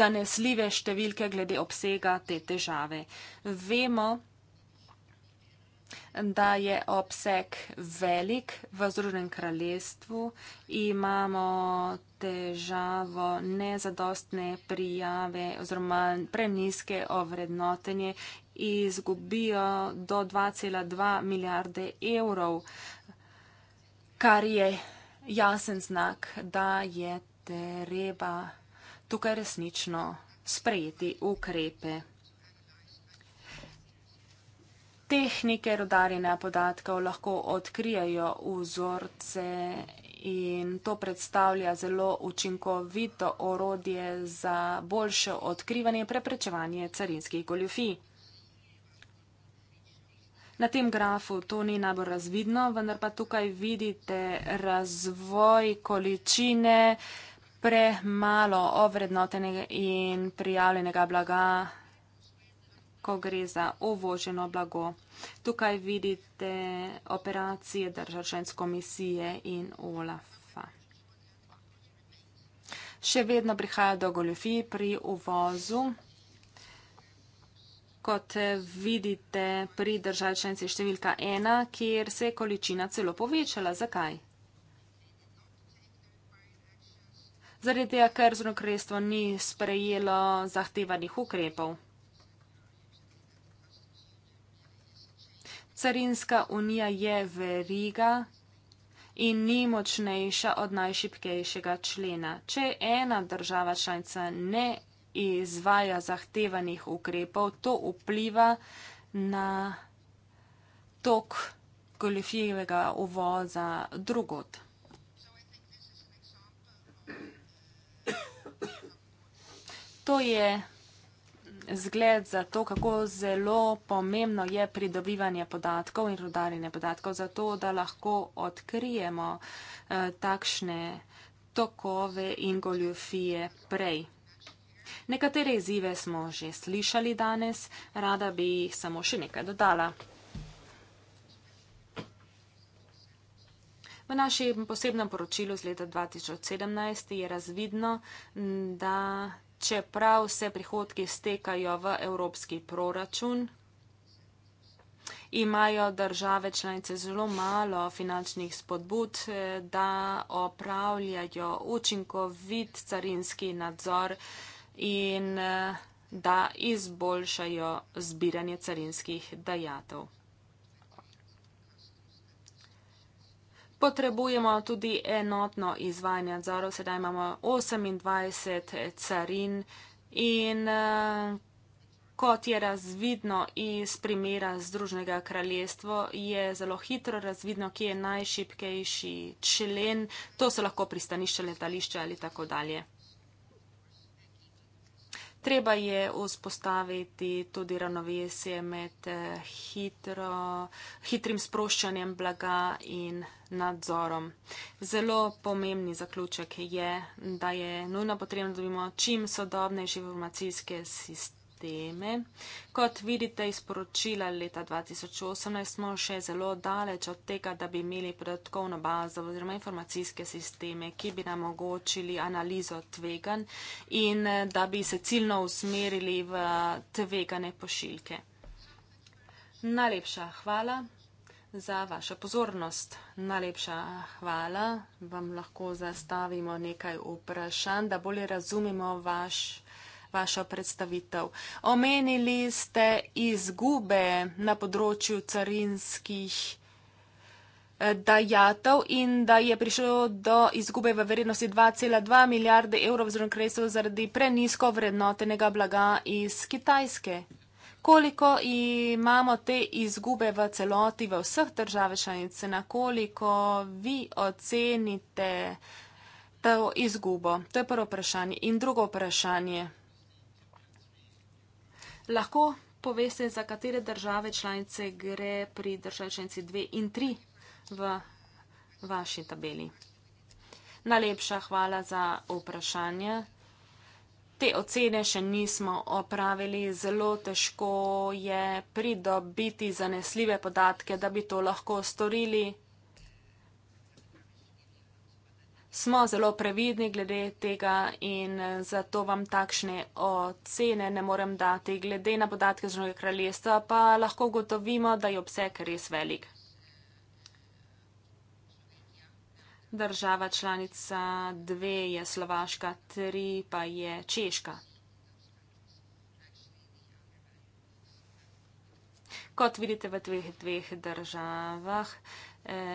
zanesljive številke glede obsega te težave. Vemo, da je obseg velik v Združenem kraljestvu, imamo težavo nezadostne prijave oziroma preniske ovrednotenje izgubijo do 2,2 milijarde evrov, kar je jasen znak, da je treba tukaj resnično sprejeti ukrepe. Tehnike rodarjenja podatkov lahko odkrijajo vzorce in to predstavlja zelo učinkovito orodje za boljše odkrivanje in preprečevanje carinskih goljufij. Na tem grafu to ni najbolj razvidno, vendar pa tukaj vidite razvoj količine premalo ovrednotenega in prijavljenega blaga, ko gre za uvoženo blago. Tukaj vidite operacije državčanske komisije in OLAF-a. Še vedno prihaja do goljofij pri uvozu kot vidite pri državčanci številka ena, kjer se je količina celo povečala. Zakaj? Zaradi tega, ker zrnokrestvo ni sprejelo zahtevanih ukrepov. Carinska unija je veriga in ni močnejša od najšipkejšega člena. Če ena država članica ne izvaja zahtevanih ukrepov, to vpliva na tok goljofijevega uvoza drugot. To je zgled za to, kako zelo pomembno je pridobivanje podatkov in rodarjenje podatkov, zato da lahko odkrijemo eh, takšne tokove in goljofije prej. Nekatere izzive smo že slišali danes, rada bi jih samo še nekaj dodala. V našem posebnem poročilu z leta 2017 je razvidno, da čeprav se prihodki stekajo v evropski proračun, imajo države članice zelo malo finančnih spodbud, eh, da opravljajo učinkovit carinski nadzor in eh, da izboljšajo zbiranje carinskih dajatev. Potrebujemo tudi enotno izvajanje nadzorov, sedaj imamo 28 carin in eh, kot je razvidno iz primera Združnega kraljestva, je zelo hitro razvidno, kje je najšipkejši člen, to so lahko pristanišče, letališče ali tako dalje. Treba je vzpostaviti tudi ravnovesje med eh, hitro, hitrim sproščanjem blaga in nadzorom. Zelo pomembni zaključek je, da je nujno potrebno, da imamo čim sodobnejši informacijske sisteme teme. Kot vidite iz poročila leta 2018 smo še zelo daleč od tega, da bi imeli podatkovno bazo oziroma informacijske sisteme, ki bi nam omogočili analizo tvegan in da bi se ciljno usmerili v tvegane pošiljke. Najlepša hvala za vašo pozornost. Najlepša hvala. Vam lahko zastavimo nekaj vprašanj, da bolje razumemo vaš vašo predstavitev. Omenili ste izgube na področju carinskih eh, dajatev in da je prišlo do izgube v vrednosti 2,2 milijarde evrov oziroma kresov zaradi prenisko vrednotenega blaga iz Kitajske. Koliko imamo te izgube v celoti v vseh državah članice, na koliko vi ocenite to izgubo? To je prvo vprašanje. In drugo vprašanje. Lahko poveste, za katere države članice gre pri državi članici 2 in 3 v vaši tabeli. Najlepša hvala za vprašanje. Te ocene še nismo opravili. Zelo težko je pridobiti zanesljive podatke, da bi to lahko storili. smo zelo previdni glede tega in eh, zato vam takšne ocene ne morem dati. Glede na podatke Združenega kraljestva pa lahko gotovimo, da je obseg res velik. Država članica dve je Slovaška, tri pa je Češka. Kot vidite v dveh, dveh državah,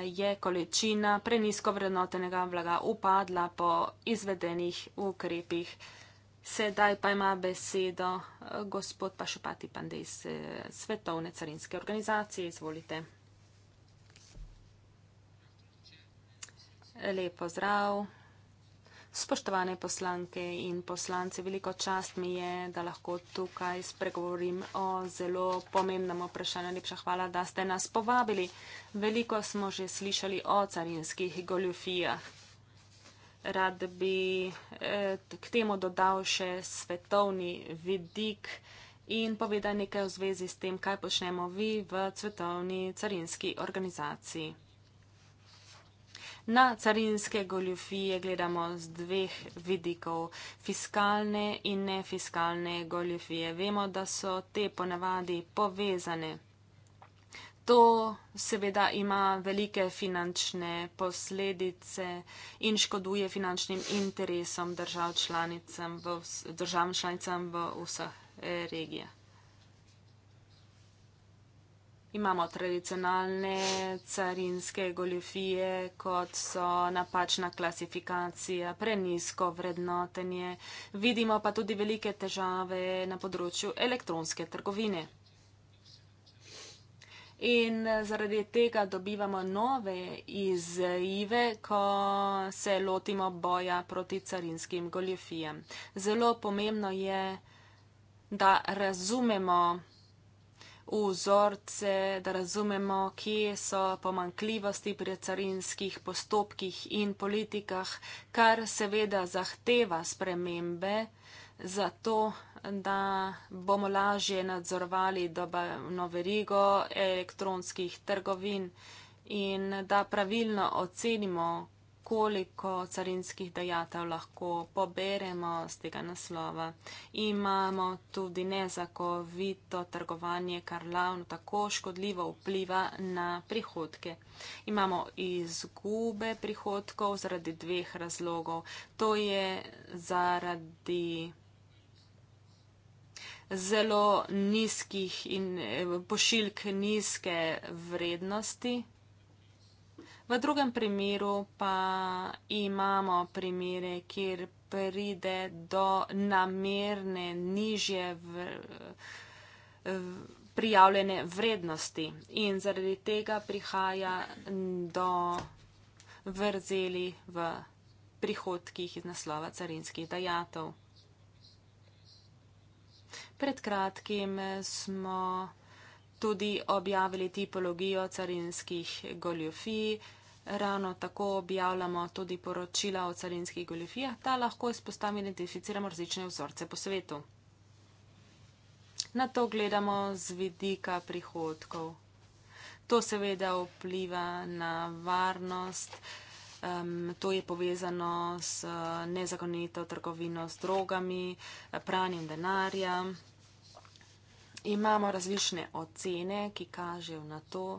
je količina prenisko vrednotenega vlaga upadla po izvedenih ukrepih. Sedaj pa ima besedo eh, gospod Pašupati Pande iz eh, Svetovne carinske organizacije. Izvolite. Lepo zdrav. Spoštovane poslanke in poslance, veliko čast mi je, da lahko tukaj spregovorim o zelo pomembnem vprašanju. Lepša hvala, da ste nas povabili. Veliko smo že slišali o carinskih goljufijah. Rad bi eh, k temu dodal še svetovni vidik in povedal nekaj v zvezi s tem, kaj počnemo vi v svetovni carinski organizaciji. Na carinske goljofije gledamo z dveh vidikov, fiskalne in nefiskalne goljofije. Vemo, da so te ponavadi povezane. To seveda ima velike finančne posledice in škoduje finančnim interesom držav članicam v, držav članicam v vseh eh, regijah. Imamo tradicionalne carinske goljofije, kot so napačna klasifikacija, prenisko vrednotenje. Vidimo pa tudi velike težave na področju elektronske trgovine. In zaradi tega dobivamo nove izzive, ko se lotimo boja proti carinskim goljofijam. Zelo pomembno je, da razumemo, vzorce, da razumemo, kje so pomankljivosti pri carinskih postopkih in politikah, kar seveda zahteva spremembe za to, da bomo lažje nadzorovali dobavno verigo elektronskih trgovin in da pravilno ocenimo, koliko carinskih dejatev lahko poberemo z tega naslova. Imamo tudi nezakovito trgovanje, kar lavno tako škodljivo vpliva na prihodke. Imamo izgube prihodkov zaradi dveh razlogov. To je zaradi zelo nizkih in eh, pošiljk nizke vrednosti. V drugem primeru pa imamo primere, kjer pride do namerne nižje v, v, prijavljene vrednosti in zaradi tega prihaja do vrzeli v prihodkih iz naslova carinskih dajatov. Pred kratkim smo tudi objavili tipologijo carinskih goljofij, Ravno tako objavljamo tudi poročila o carinskih goljofijah, da lahko izpostavimo in identificiramo različne vzorce po svetu. Na to gledamo z vidika prihodkov. To seveda vpliva na varnost, um, to je povezano s eh, nezakonito trgovino z drogami, eh, pranjem denarja. Imamo različne ocene, ki kažejo na to,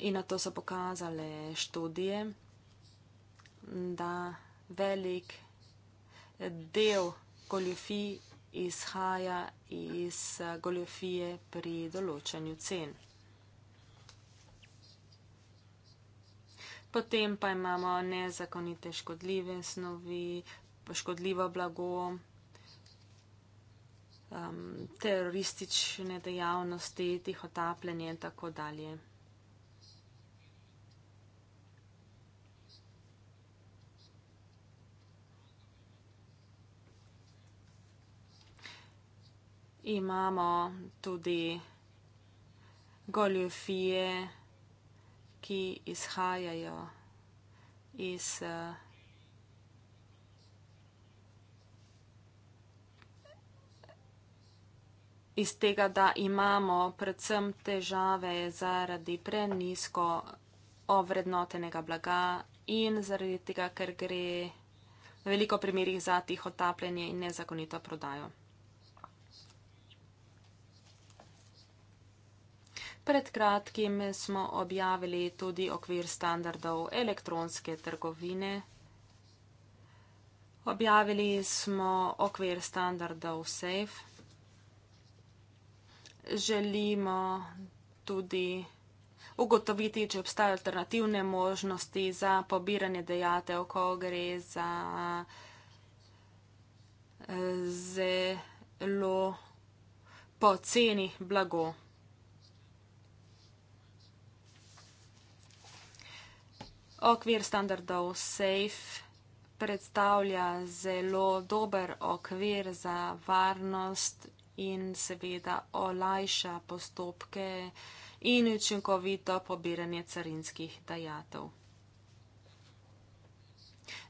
In na to so pokazale študije, da velik del goljofij izhaja iz goljofije pri določanju cen. Potem pa imamo nezakonite škodljive snovi, škodljivo blago, um, teroristične dejavnosti, tihotapljenje in tako dalje. imamo tudi goljofije, ki izhajajo iz eh, Iz tega, da imamo predvsem težave zaradi prenisko ovrednotenega blaga in zaradi tega, ker gre v veliko primerjih za tih otapljanje in nezakonito prodajo. Pred kratkim smo objavili tudi okvir standardov elektronske trgovine. Objavili smo okvir standardov SAFE. Želimo tudi ugotoviti, če obstajajo alternativne možnosti za pobiranje dejatev, ko gre za eh, zelo poceni blago. Okvir standardov SAFE predstavlja zelo dober okvir za varnost in seveda olajša postopke in učinkovito pobiranje carinskih dajatev.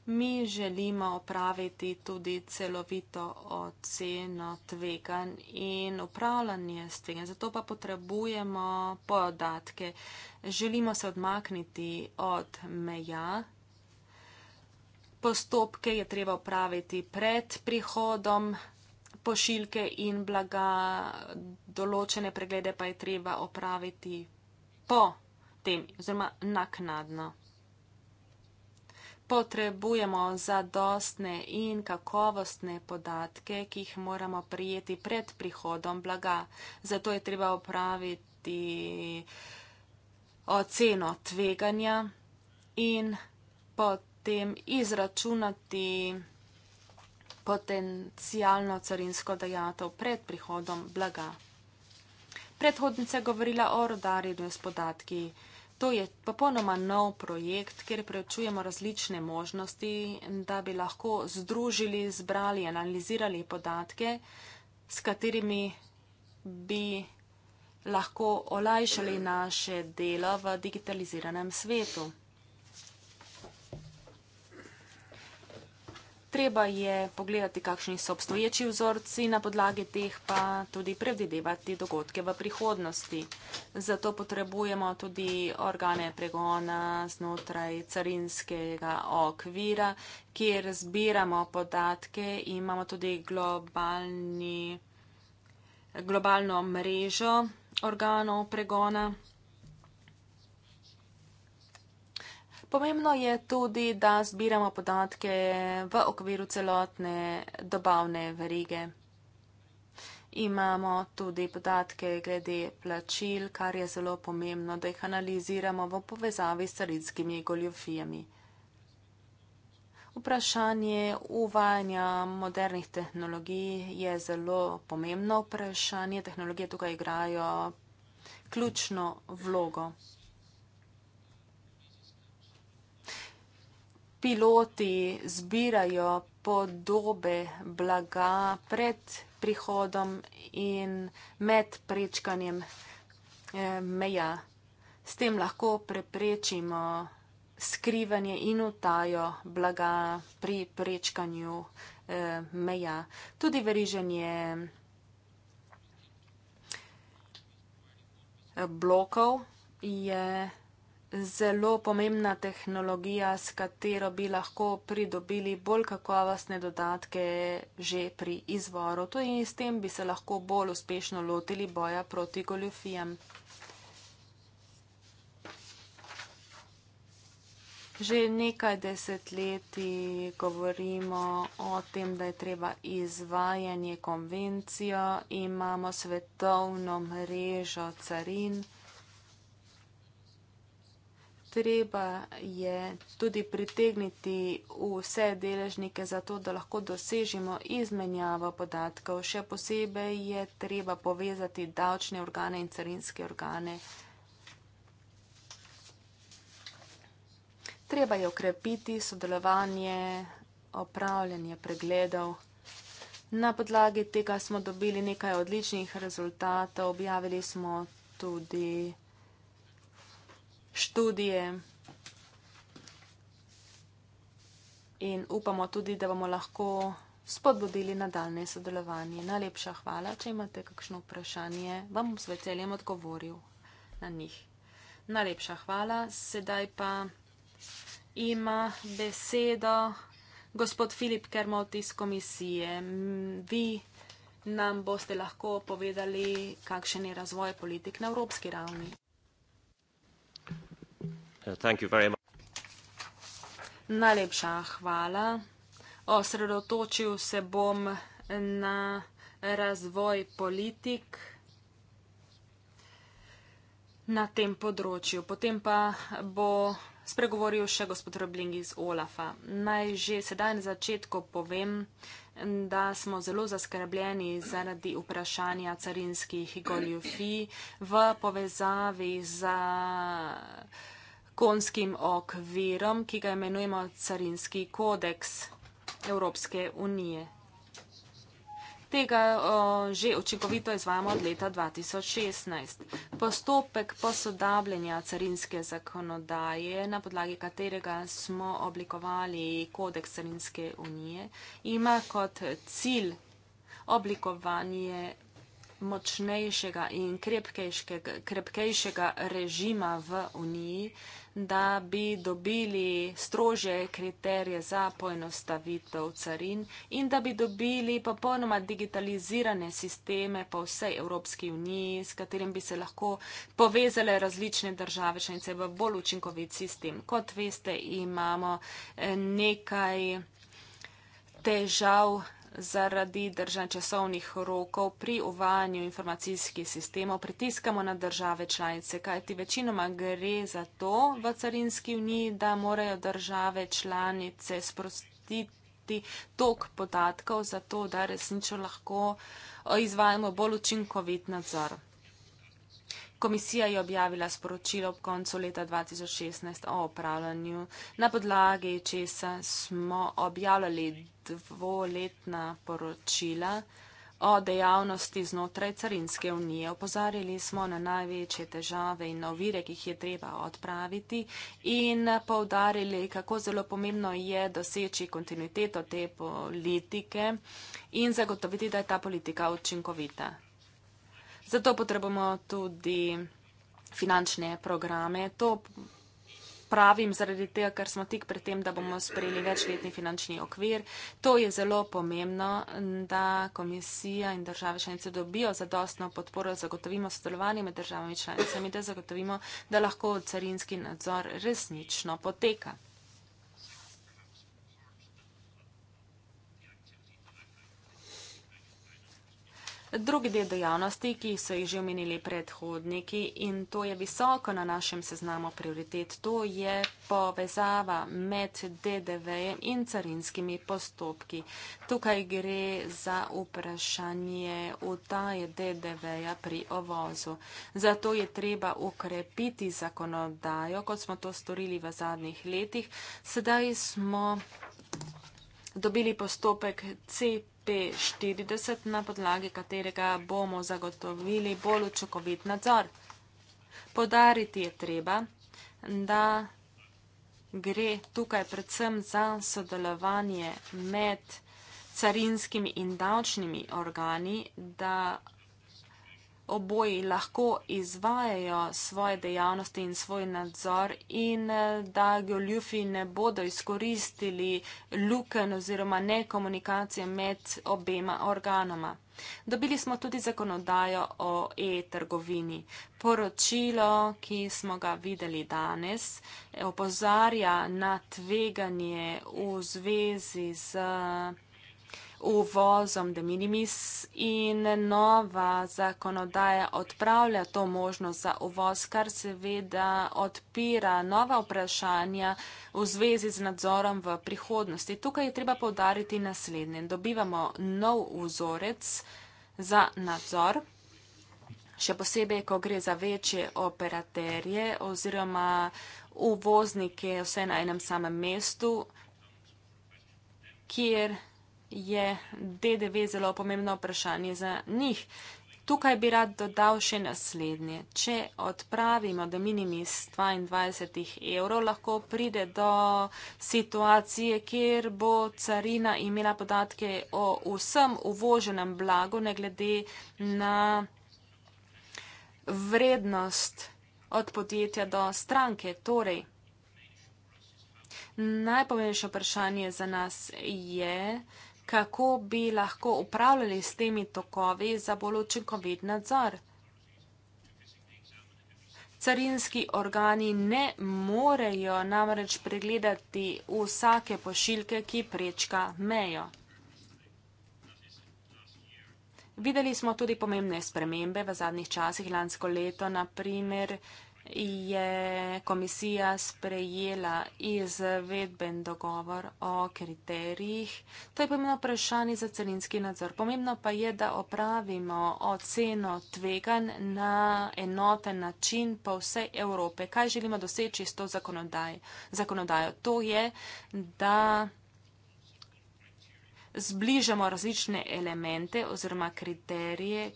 Mi želimo opraviti tudi celovito oceno tvegan in upravljanje s tvegan. Zato pa potrebujemo podatke. Želimo se odmakniti od meja. Postopke je treba opraviti pred prihodom pošiljke in blaga, določene preglede pa je treba opraviti po tem, oziroma naknadno potrebujemo zadostne in kakovostne podatke, ki jih moramo prijeti pred prihodom blaga. Zato je treba upraviti oceno tveganja in potem izračunati potencijalno carinsko dajatov pred prihodom blaga. Predhodnica je govorila o rodarjenju s podatki. To je popolnoma nov projekt, kjer preučujemo različne možnosti, da bi lahko združili, zbrali, analizirali podatke, s katerimi bi lahko olajšali naše delo v digitaliziranem svetu. Treba je pogledati, kakšni so obstoječi vzorci na podlagi teh, pa tudi predvidevati dogodke v prihodnosti. Zato potrebujemo tudi organe pregona znotraj carinskega okvira, kjer zbiramo podatke in imamo tudi globalni, globalno mrežo organov pregona. Pomembno je tudi, da zbiramo podatke v okviru celotne dobavne verige. Imamo tudi podatke glede plačil, kar je zelo pomembno, da jih analiziramo v povezavi s carinskimi goljofijami. Vprašanje uvajanja modernih tehnologij je zelo pomembno vprašanje. Tehnologije tukaj igrajo ključno vlogo. piloti zbirajo podobe blaga pred prihodom in med prečkanjem eh, meja. S tem lahko preprečimo skrivanje in utajo blaga pri prečkanju eh, meja. Tudi veriženje eh, blokov je. Eh, zelo pomembna tehnologija, s katero bi lahko pridobili bolj kakovostne dodatke že pri izvoru. To in s tem bi se lahko bolj uspešno lotili boja proti goljofijam. Že nekaj desetletji govorimo o tem, da je treba izvajanje konvencijo, imamo svetovno mrežo carin treba je tudi pritegniti vse deležnike za to, da lahko dosežimo izmenjavo podatkov. Še posebej je treba povezati davčne organe in carinske organe. Treba je okrepiti sodelovanje, opravljanje pregledov. Na podlagi tega smo dobili nekaj odličnih rezultatov. Objavili smo tudi študije. In upamo tudi, da bomo lahko spodbudili nadaljne sodelovanje. Najlepša hvala, če imate kakšno vprašanje, vam bom s veseljem odgovoril na njih. Najlepša hvala, sedaj pa ima besedo gospod Filip Kermot iz komisije. Vi nam boste lahko povedali, kakšen je razvoj politik na evropski ravni. Najlepša hvala. Osredotočil se bom na razvoj politik na tem področju. Potem pa bo spregovoril še gospod Robling iz Olafa. Naj že sedaj na začetku povem, da smo zelo zaskrbljeni zaradi vprašanja carinskih goljufij v povezavi za zakonskim okvirom, ki ga imenujemo carinski kodeks Evropske unije. Tega o, že očinkovito izvajamo od leta 2016. Postopek posodabljanja carinske zakonodaje, na podlagi katerega smo oblikovali kodeks carinske unije, ima kot cilj oblikovanje močnejšega in krepkejšega, krepkejšega režima v Uniji, da bi dobili strože kriterije za poenostavitev carin in da bi dobili popolnoma digitalizirane sisteme po vsej Evropski uniji, s katerim bi se lahko povezale različne države članice v bolj učinkovit sistem. Kot veste, imamo eh, nekaj težav zaradi državčasovnih rokov pri uvajanju informacijskih sistemov pritiskamo na države članice, kajti večinoma gre za to v carinski uniji, da morajo države članice sprostiti tok podatkov, zato da resnično lahko eh, izvajamo bolj učinkovit nadzor. Komisija je objavila sporočilo ob koncu leta 2016 o upravljanju, na podlagi česa smo objavljali dvoletna poročila o dejavnosti znotraj carinske unije. Opozarjali smo na največje težave in ovire, ki jih je treba odpraviti in povdarjali, kako zelo pomembno je doseči kontinuiteto te politike in zagotoviti, da je ta politika učinkovita. Zato potrebujemo tudi finančne programe. To pravim zaradi tega, ker smo tik pred tem, da bomo sprejeli večletni finančni okvir. To je zelo pomembno, da komisija in države članice dobijo zadostno podporo, zagotovimo sodelovanje med državami članicami, da zagotovimo, da lahko carinski nadzor resnično poteka. Drugi del dejavnosti, ki so jih že omenili predhodniki in to je visoko na našem seznamu prioritet, to je povezava med DDV in carinskimi postopki. Tukaj gre za vprašanje utaje DDV-ja pri ovozu. Zato je treba ukrepiti zakonodajo, kot smo to storili v zadnjih letih. Sedaj smo dobili postopek CP40, na podlagi katerega bomo zagotovili bolj učinkovit nadzor. Podariti je treba, da gre tukaj predvsem za sodelovanje med carinskimi in davčnimi organi, da oboji lahko izvajajo svoje dejavnosti in svoj nadzor in eh, da goljufi ne bodo izkoristili luken oziroma nekomunikacije med obema organoma. Dobili smo tudi zakonodajo o e-trgovini. Poročilo, ki smo ga videli danes, opozarja na tveganje v zvezi z uvozom de minimis in nova zakonodaja odpravlja to možnost za uvoz, kar seveda odpira nova vprašanja v zvezi z nadzorom v prihodnosti. Tukaj je treba povdariti naslednje. Dobivamo nov vzorec za nadzor. Še posebej, ko gre za večje operaterje oziroma uvoznike vse na enem samem mestu, kjer je DDV zelo pomembno vprašanje za njih. Tukaj bi rad dodal še naslednje. Če odpravimo de minimis 22 evrov, lahko pride do situacije, kjer bo carina imela podatke o vsem uvoženem blagu, ne glede na vrednost od podjetja do stranke. Torej, najpomembnejše vprašanje za nas je, kako bi lahko upravljali s temi tokovi za bolj učinkovit nadzor. Carinski organi ne morejo namreč pregledati vsake pošiljke, ki prečka mejo. Videli smo tudi pomembne spremembe v zadnjih časih, lansko leto, naprimer, je komisija sprejela izvedben dogovor o kriterijih. To je pomembno vprašanje za celinski nadzor. Pomembno pa je, da opravimo oceno tvegan na enoten način po vsej Evropi. Kaj želimo doseči s to zakonodaj, zakonodajo? To je, da zbližamo različne elemente oziroma kriterije,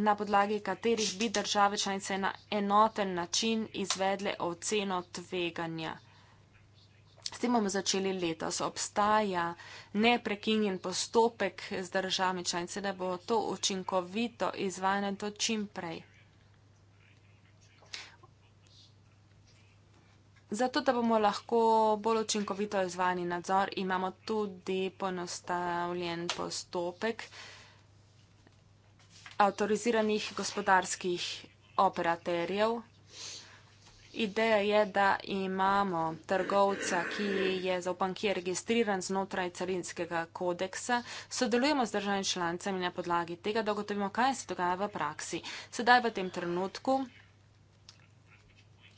na podlagi katerih bi države članice na enoten način izvedle oceno tveganja. S tem bomo začeli letos. Obstaja neprekinjen postopek z državami članice, da bo to učinkovito izvajanje to čim prej. Zato, da bomo lahko bolj učinkovito izvajali nadzor, imamo tudi ponostavljen postopek avtoriziranih gospodarskih operaterjev. Ideja je, da imamo trgovca, ki je za upankije registriran znotraj carinskega kodeksa, sodelujemo z državami članicami na podlagi tega, da ugotovimo, kaj se dogaja v praksi. Sedaj v tem trenutku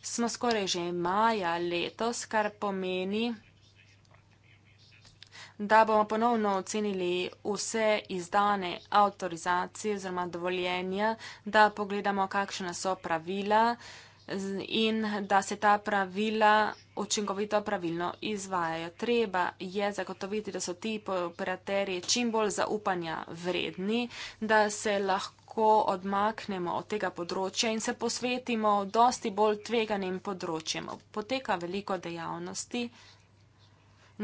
smo skoraj že maja letos, kar pomeni, da bomo ponovno ocenili vse izdane avtorizacije oziroma dovoljenja, da pogledamo, kakšna so pravila in da se ta pravila učinkovito pravilno izvajajo. Treba je zagotoviti, da so ti operaterji čim bolj zaupanja vredni, da se lahko ko odmaknemo od tega področja in se posvetimo dosti bolj tveganim področjem. Poteka veliko dejavnosti,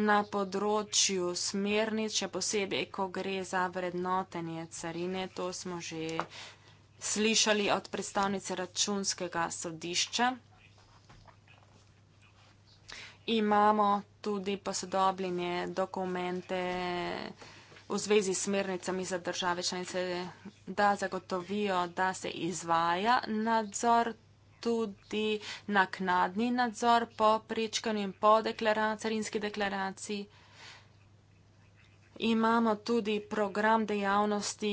na področju smernic, še posebej, ko gre za vrednotenje carine. To smo že slišali od predstavnice računskega sodišča. Imamo tudi posodobljene dokumente v zvezi s smernicami za države članice, da zagotovijo, da se izvaja nadzor tudi naknadni nadzor po prečkanju in po deklaraciji, rinski deklaraciji. Imamo tudi program dejavnosti,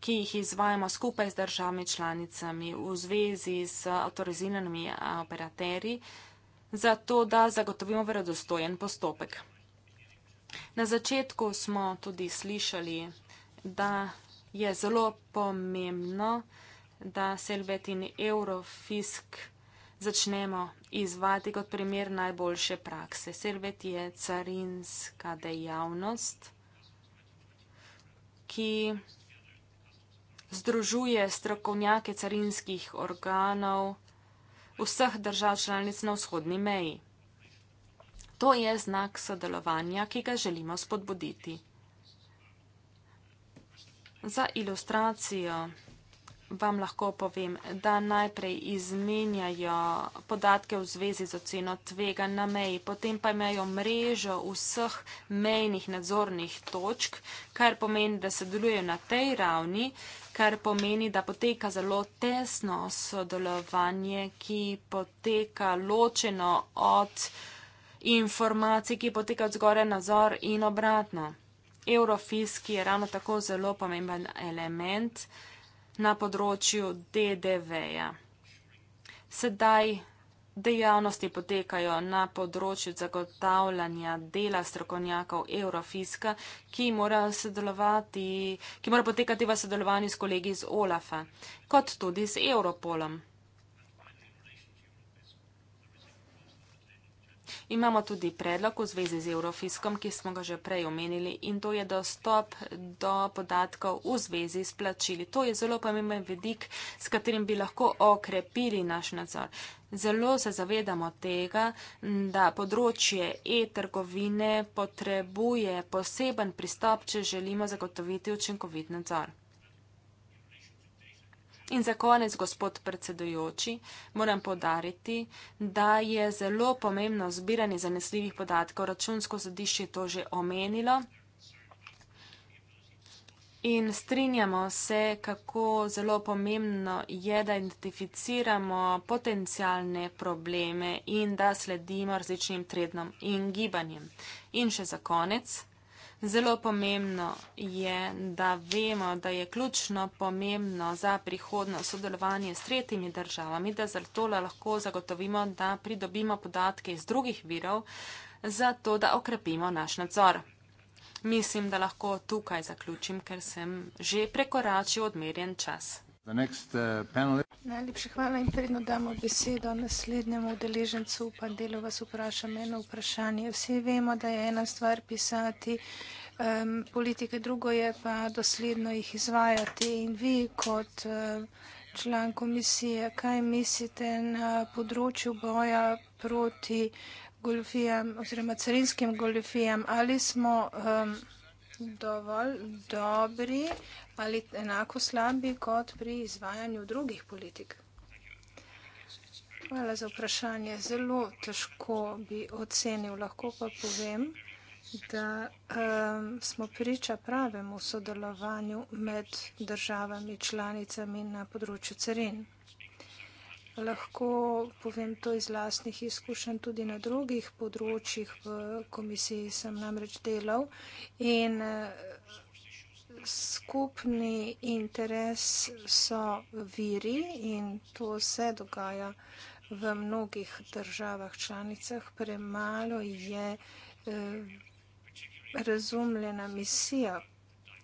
ki jih izvajamo skupaj z državami članicami v zvezi z avtorizirani operaterji, zato da zagotovimo verodostojen postopek. Na začetku smo tudi slišali, da je zelo pomembno, da Selbet in Eurofisk začnemo izvati kot primer najboljše prakse. Selbet je carinska dejavnost, ki združuje strokovnjake carinskih organov vseh držav članic na vzhodni meji. To je znak sodelovanja, ki ga želimo spodbuditi. Za ilustracijo vam lahko povem, da najprej izmenjajo podatke v zvezi z oceno tvega na meji, potem pa imajo mrežo vseh mejnih nadzornih točk, kar pomeni, da sodelujejo na tej ravni, kar pomeni, da poteka zelo tesno sodelovanje, ki poteka ločeno od informacij, ki poteka od zgore nazor in obratno. Eurofiski je ravno tako zelo pomemben element na področju DDV-ja. Sedaj dejavnosti potekajo na področju zagotavljanja dela strokovnjakov Eurofiska, ki mora, ki mora potekati v sodelovanju s kolegi iz OLAF-a, kot tudi z Europolom. Imamo tudi predlog v zvezi z Eurofiskom, ki smo ga že prej omenili in to je dostop do podatkov v zvezi s plačili. To je zelo pomemben vedik, s katerim bi lahko okrepili naš nadzor. Zelo se zavedamo tega, da področje e-trgovine potrebuje poseben pristop, če želimo zagotoviti učinkovit nadzor. In za konec, gospod predsedujoči, moram podariti, da je zelo pomembno zbiranje zanesljivih podatkov. Računsko zadišče je to že omenilo. In strinjamo se, kako zelo pomembno je, da identificiramo potencijalne probleme in da sledimo različnim trednom in gibanjem. In še za konec. Zelo pomembno je, da vemo, da je ključno pomembno za prihodno sodelovanje s tretjimi državami, da zato lahko zagotovimo, da pridobimo podatke iz drugih virov, zato da okrepimo naš nadzor. Mislim, da lahko tukaj zaključim, ker sem že prekoračil odmerjen čas. Uh, Najlepša hvala. In predno damo besedo naslednjemu udeležencu v panelu, vas vprašam eno vprašanje. Vsi vemo, da je ena stvar pisati um, politike, drugo je pa dosledno jih izvajati. In vi kot um, član komisije, kaj mislite na področju boja proti goljofijam oziroma carinskim goljofijam? Ali smo um, dovolj dobri? ali enako slabi kot pri izvajanju drugih politik? Hvala za vprašanje. Zelo težko bi ocenil, lahko pa povem, da um, smo priča pravemu sodelovanju med državami članicami na področju carin. Lahko povem to iz lastnih izkušenj tudi na drugih področjih. V komisiji sem namreč delal in skupni interes so viri in to se dogaja v mnogih državah članicah. Premalo je eh, razumljena misija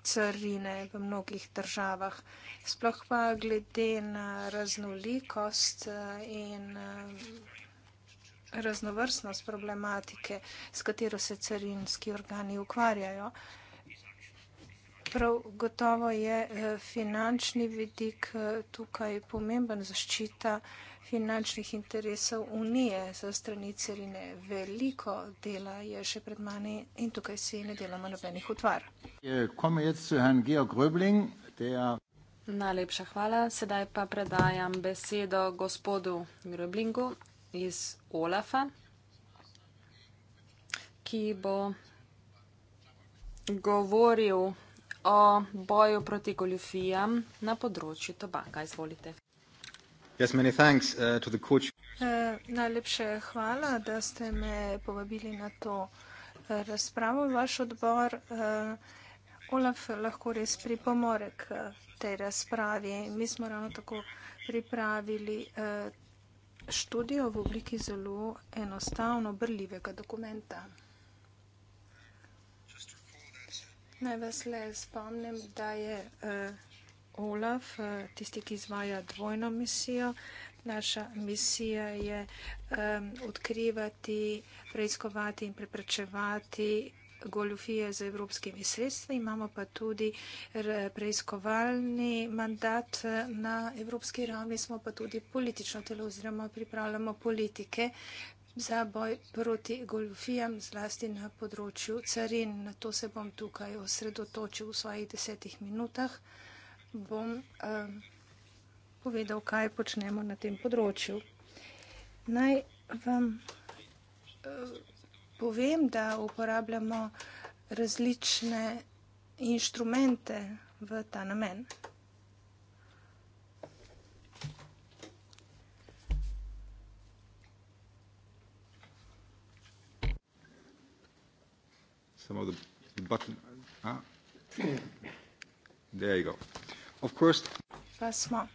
carine v mnogih državah. Sploh pa glede na raznolikost eh, in eh, raznovrstnost problematike, s katero se carinski organi ukvarjajo. Prav gotovo je eh, finančni vidik eh, tukaj pomemben zaščita finančnih interesov Unije za strani celine. Veliko dela je še pred mani in tukaj si ne delamo nobenih utvar. Najlepša hvala. Sedaj pa predajam besedo gospodu Gröblingu iz Olafa, ki bo govoril o boju proti goljofijam na področju tobaka. Izvolite. Yes, many thanks, uh, to the uh, najlepše hvala, da ste me povabili na to eh, razpravo. Vaš odbor, uh, Olaf, lahko res pripomore k tej razpravi. Mi smo ravno tako pripravili uh, študijo v obliki zelo enostavno brljivega dokumenta. Naj vas le spomnim, da je uh, Olaf uh, tisti, ki izvaja dvojno misijo. Naša misija je um, odkrivati, preiskovati in preprečevati goljofije z evropskimi sredstvi. Imamo pa tudi preiskovalni mandat eh, na evropski ravni, smo pa tudi politično telo oziroma pripravljamo politike, za boj proti goljofijam, zlasti na področju carin. Na to se bom tukaj osredotočil v svojih desetih minutah. Bom um, povedal, kaj počnemo na tem področju. Naj vam um, povem, da uporabljamo različne inštrumente v ta namen. some of the button. Huh? There you go. Of course. Pa smo.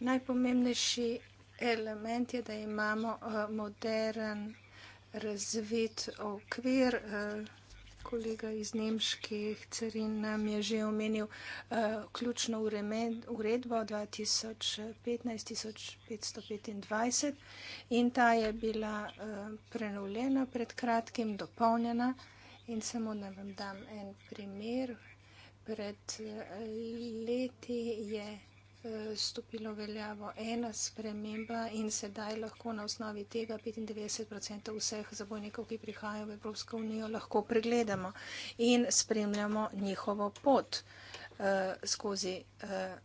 Najpomembnejši element je, da imamo uh, eh, modern razvit okvir. Uh, Kolega iz nemških carin nam je že omenil uh, ključno uredbo 2015-1525 in ta je bila uh, prenovljena pred kratkim, dopolnjena. Uh, In samo da vam dam en primer. Pred leti je stopilo veljavo ena sprememba in sedaj lahko na osnovi tega 95% vseh zabojnikov, ki prihajajo v Evropsko unijo, lahko pregledamo in spremljamo njihovo pot skozi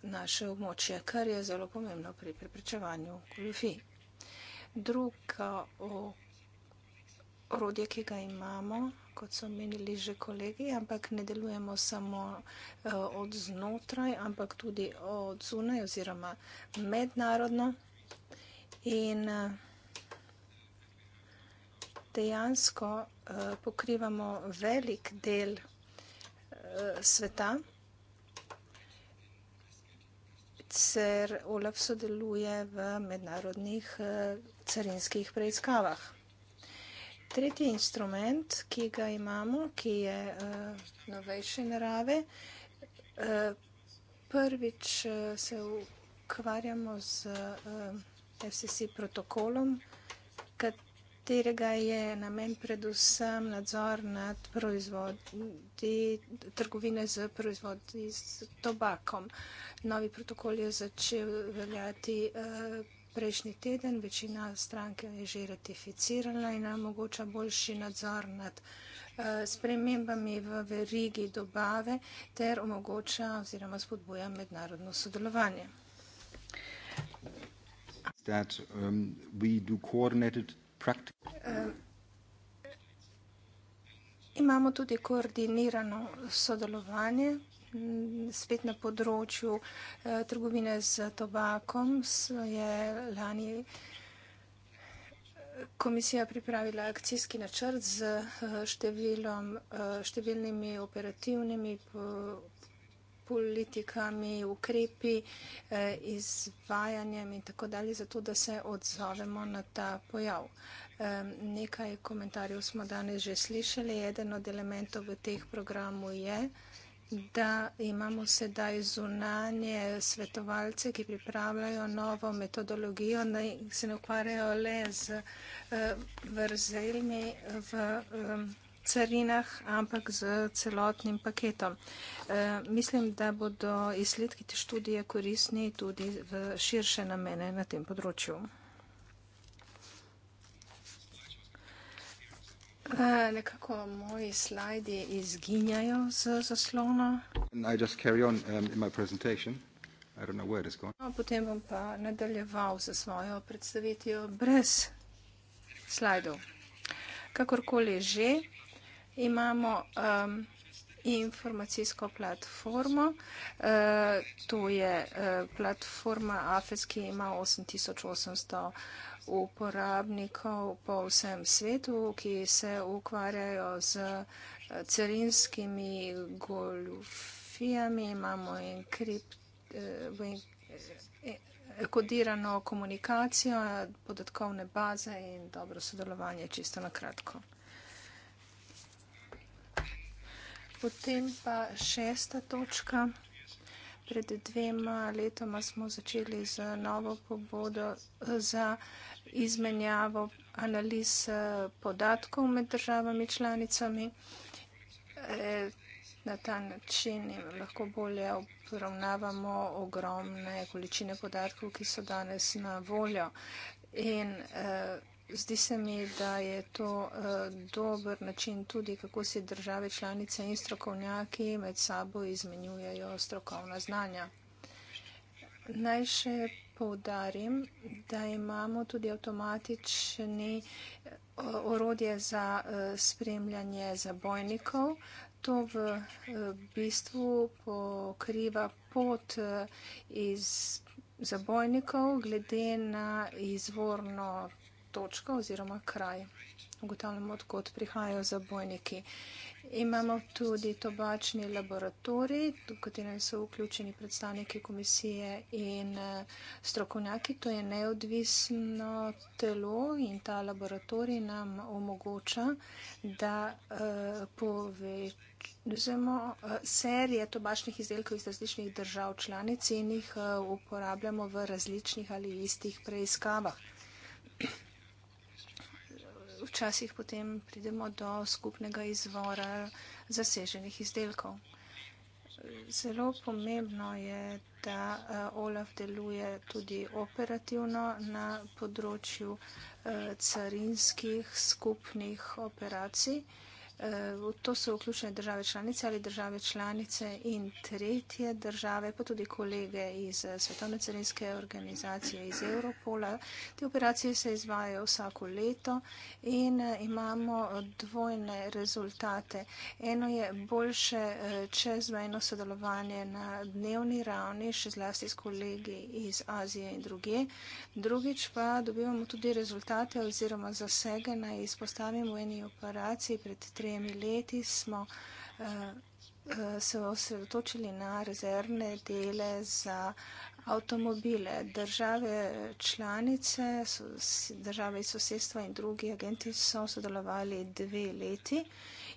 naše območje, kar je zelo pomembno pri preprečevanju goljofij. Drugo orodje, ki ga imamo, kot so menili že kolegi, ampak ne delujemo samo uh, od znotraj, ampak tudi od zunaj oziroma mednarodno. In uh, dejansko uh, pokrivamo velik del uh, sveta, ker Olaf sodeluje v mednarodnih uh, carinskih preiskavah. Tretji instrument, ki ga imamo, ki je uh, novejše narave, uh, prvič uh, se ukvarjamo z uh, FCC protokolom, katerega je namen predvsem nadzor nad proizvodi, trgovine z proizvodi z tobakom. Novi protokol je začel veljati. Uh, prejšnji teden. Večina stranke je že ratificirala in omogoča boljši nadzor nad eh, spremembami v verigi dobave ter omogoča oziroma spodbuja mednarodno sodelovanje. That, um, uh, imamo tudi koordinirano sodelovanje Mm, spet na področju eh, trgovine z tobakom je lani eh, komisija pripravila akcijski načrt z eh, številom, številnimi operativnimi politikami, ukrepi, izvajanjem in tako dalje, zato da se odzovemo na ta pojav. Nekaj komentarjev smo danes že slišali. Eden od elementov v teh programu je, da imamo sedaj zunanje svetovalce, ki pripravljajo novo metodologijo, da se ne ukvarjajo le z eh, vrzeljmi v eh, carinah, ampak z celotnim paketom. Eh, mislim, da bodo izsledki te študije koristni tudi v širše namene na tem področju. nekako moji slajdi izginjajo z zaslona. Um, no, potem bom pa nadaljeval z svojo predstavitijo brez slajdov. Kakorkoli že, imamo um, informacijsko platformo. Uh, to je uh, platforma AFES, ki ima 8800 uporabnikov po vsem svetu, ki se ukvarjajo z eh, carinskimi goljufijami. Imamo eh, eh, kodirano komunikacijo, podatkovne baze in dobro sodelovanje, čisto na kratko. Potem pa šesta točka. Pred dvema letoma smo začeli z novo pobudo za izmenjavo analiz eh, podatkov med državami članicami. Eh, na ta način lahko bolje obravnavamo ogromne količine podatkov, ki so danes na voljo. In, eh, Zdi se mi, da je to eh, dober način tudi, kako se države članice in strokovnjaki med sabo izmenjujejo strokovna znanja. Naj še poudarim, da imamo tudi avtomatični eh, orodje za eh, spremljanje zabojnikov. To v bistvu pokriva pot iz zabojnikov glede na izvorno točka oziroma kraj. Ugotavljamo, odkot prihajajo zabojniki. Imamo tudi tobačni laboratorij, v katerem so vključeni predstavniki komisije in eh, strokovnjaki. To je neodvisno telo in ta laboratorij nam omogoča, da eh, povečujemo eh, serije tobačnih izdelkov iz različnih držav članic in jih uporabljamo v različnih ali istih preiskavah včasih potem pridemo do skupnega izvora zaseženih izdelkov. Zelo pomembno je, da eh, OLAF deluje tudi operativno na področju eh, carinskih skupnih operacij. Eh, v to so vključene države članice ali države članice in tretje države, pa tudi kolege iz eh, Svetovne carinske organizacije iz Europola. Te operacije se izvajajo vsako leto in eh, imamo dvojne rezultate. Eno je boljše čezmejno sodelovanje na dnevni ravni, še zlasti s kolegi iz Azije in druge. Drugič pa dobivamo tudi rezultate oziroma zasege na izpostavim v eni operaciji pred tremi tremi leti smo eh, eh, se osredotočili na rezervne dele za avtomobile. Države članice, države iz sosedstva in drugi agenti so sodelovali dve leti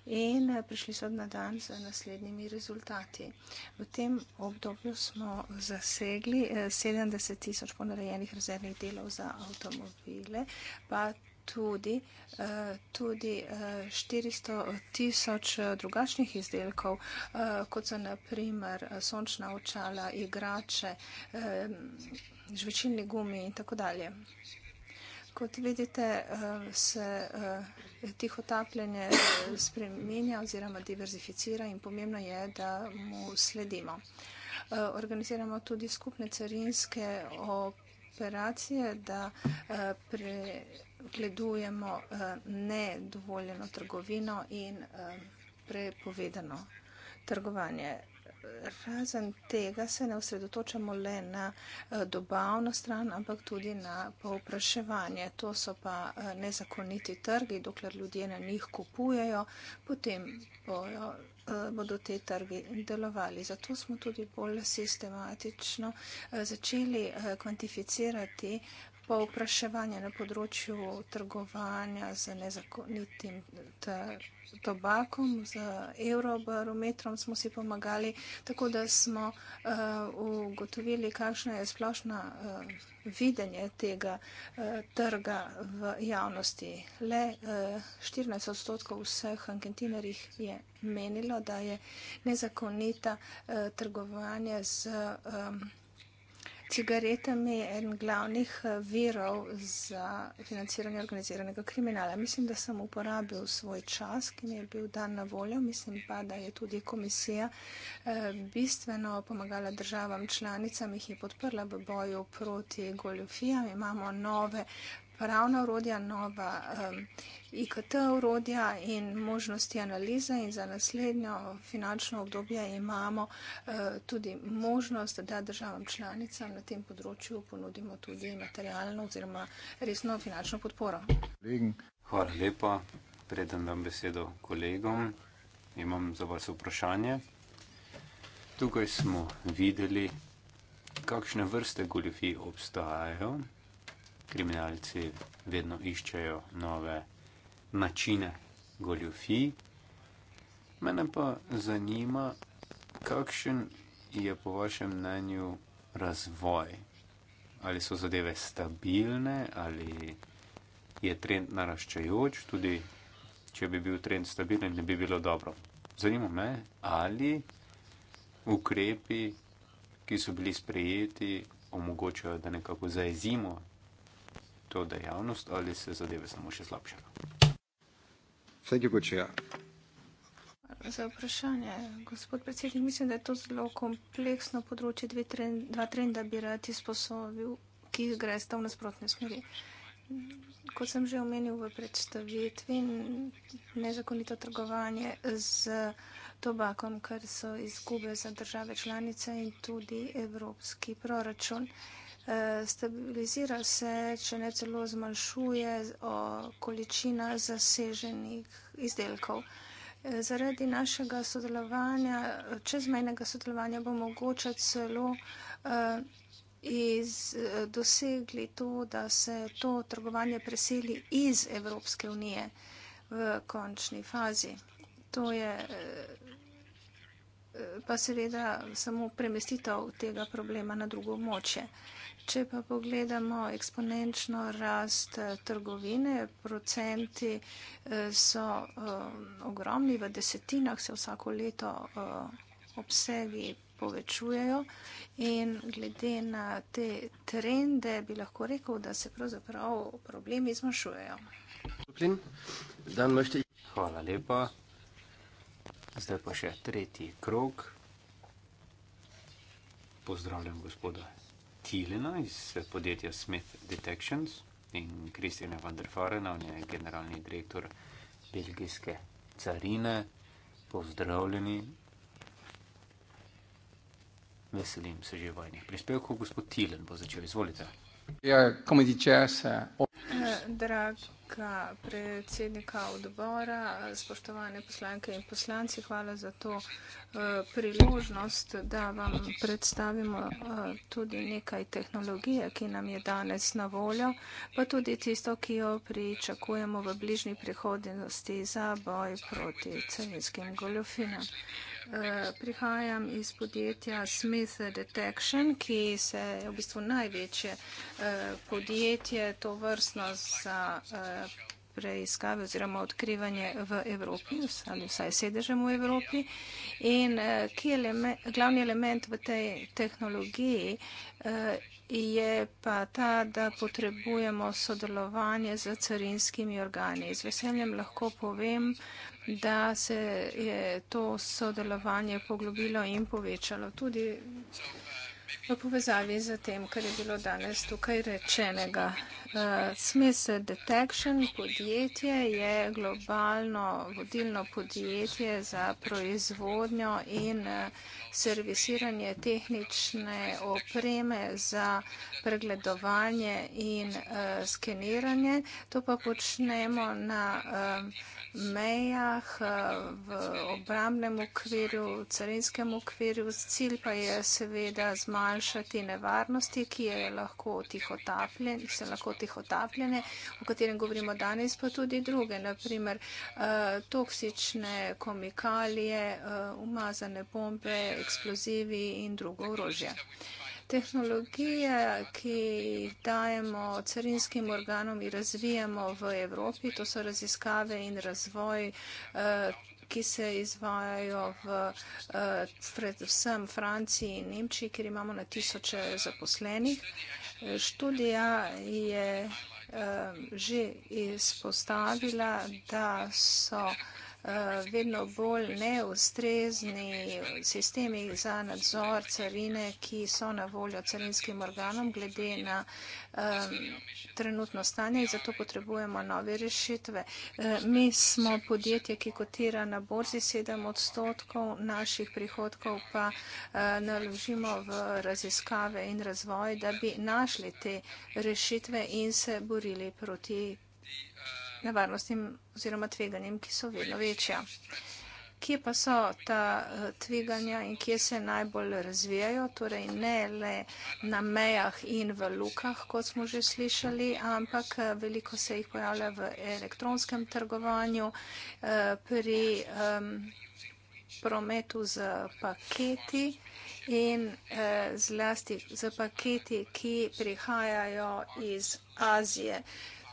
in eh, prišli so na dan z naslednjimi rezultati. V tem obdobju smo zasegli 70 tisoč ponarejenih rezervnih delov za avtomobile, pa tudi, eh, tudi 400 eh, tisoč eh, drugačnih izdelkov, kot so naprimer sončna očala, igrače, žvečilni gumi in tako dalje. Kot vidite, se tiho tapljenje spremenja oziroma diverzificira in pomembno je, da mu sledimo. Organiziramo tudi skupne carinske operacije, da pre gledujemo eh, nedovoljeno trgovino in eh, prepovedano trgovanje. Razen tega se ne osredotočamo le na eh, dobavno stran, ampak tudi na povpraševanje. To so pa nezakoniti trgi, dokler ljudje na njih kupujejo, potem bojo, bodo te trgi delovali. Zato smo tudi bolj sistematično začeli kvantificirati povpraševanje na področju trgovanja z nezakonitim tobakom, z eurobarometrom smo si pomagali, tako da smo eh, ugotovili, kakšno je splošno eh, videnje tega eh, trga v javnosti. Le 14 odstotkov vseh ankentinerjih je menilo, da je nezakonita trgovanje z eurobarometrom cigaretami je en glavnih eh, virov za financiranje organiziranega kriminala. Mislim, da sem uporabil svoj čas, ki mi je bil dan na voljo. Mislim pa, da je tudi komisija eh, bistveno pomagala državam članicam, jih je podprla v boju proti goljofijam. Imamo nove pravna urodja, nova um, IKT urodja in možnosti analize in za naslednjo finančno obdobje imamo uh, tudi možnost, da državam članicam na tem področju ponudimo tudi materialno oziroma resno finančno podporo. Hvala lepa. Predem dam besedo kolegom. Imam za vas vprašanje. Tukaj smo videli, kakšne vrste goljofij obstajajo kriminalci vedno iščejo nove načine goljufij. Mene pa zanima, kakšen je po vašem mnenju razvoj? Ali so zadeve stabilne, ali je trend naraščajoč, tudi če bi bil trend stabilen, ne bi bilo dobro. Zanima me, ali ukrepi, ki so bili sprejeti, omogočajo, da nekako zaezimo to dejavnost ali se zadeve samo še slabšajo? Za vprašanje, gospod predsednik, mislim, da je to zelo kompleksno področje, trend, dva trenda bi rad izposobil, ki gre sta v nasprotne smeri. Kot sem že omenil v predstavitvi, nezakonito trgovanje z tobakom, kar so izgube za države članice in tudi evropski proračun. Eh, stabilizira se, če ne celo zmanjšuje količina zaseženih izdelkov. Eh, zaradi našega sodelovanja, čezmejnega sodelovanja bo mogoče celo eh, iz, dosegli to, da se to trgovanje preseli iz Evropske unije v končni fazi. To je pa seveda samo premestitev tega problema na drugo moče. Če pa pogledamo eksponenčno rast eh, trgovine, procenti eh, so eh, ogromni, v desetinah se vsako leto obsegi povečujejo in glede na te trende bi lahko rekel, da se pravzaprav problemi zmanjšujejo. Hvala lepa. Zdaj pa še tretji krok. Pozdravljam gospoda Tilena iz podjetja Smith Detections in Kristjana van der Farena, on je generalni direktor belgijske carine. Pozdravljeni. Veselim se že vajnih prispevkov. Gospod Tilen bo začel, izvolite. Ja, Draga predsednika odbora, spoštovane poslanke in poslanci, hvala za to eh, priložnost, da vam predstavimo eh, tudi nekaj tehnologije, ki nam je danes na voljo, pa tudi tisto, ki jo pričakujemo v bližnji prihodnosti za boj proti carinskim goljofinam. Eh, prihajam iz podjetja Smith Detection, ki se je v bistvu največje eh, podjetje to vrstno za eh, preiskave oziroma odkrivanje v Evropi ali vsaj sedežem v Evropi in ki je element, glavni element v tej tehnologiji je pa ta, da potrebujemo sodelovanje z carinskimi organi. Z veseljem lahko povem, da se je to sodelovanje poglobilo in povečalo. Tudi v povezavi z tem, kar je bilo danes tukaj rečenega. Uh, eh, Smith Detection podjetje je globalno vodilno podjetje za proizvodnjo in uh, servisiranje tehnične opreme za pregledovanje in uh, skeniranje. To pa počnemo na. Uh, mejah, eh, v obramnem okviru, carinskem okviru. Cilj pa je seveda zmanjšati nevarnosti, ki je lahko se lahko tihotapljene, o katerem govorimo danes, pa tudi druge, naprimer eh, toksične komikalije, eh, umazane bombe, eksplozivi in drugo orožje tehnologija, ki dajemo carinskim organom in razvijamo v Evropi, to so raziskave in razvoj, eh, ki se izvajajo v eh, predvsem Franciji in Nemčiji, kjer imamo na tisoče zaposlenih. Študija je eh, že izpostavila, da so vsega, Eh, vedno bolj neustrezni sistemi za nadzor carine, ki so na voljo carinskim organom glede na eh, trenutno stanje in zato potrebujemo nove rešitve. Eh, mi smo podjetje, ki kotira na borzi 7 odstotkov, naših prihodkov pa naložimo v raziskave in razvoj, da bi našli te rešitve in se borili proti nevarnostim oziroma tveganjem, ki so vedno večja. Kje pa so ta eh, tveganja in kje se najbolj razvijajo, torej ne le na mejah in v lukah, kot smo že slišali, ampak eh, veliko se jih pojavlja v elektronskem trgovanju, eh, pri prometu z paketi in zlasti z paketi, ki prihajajo iz Azije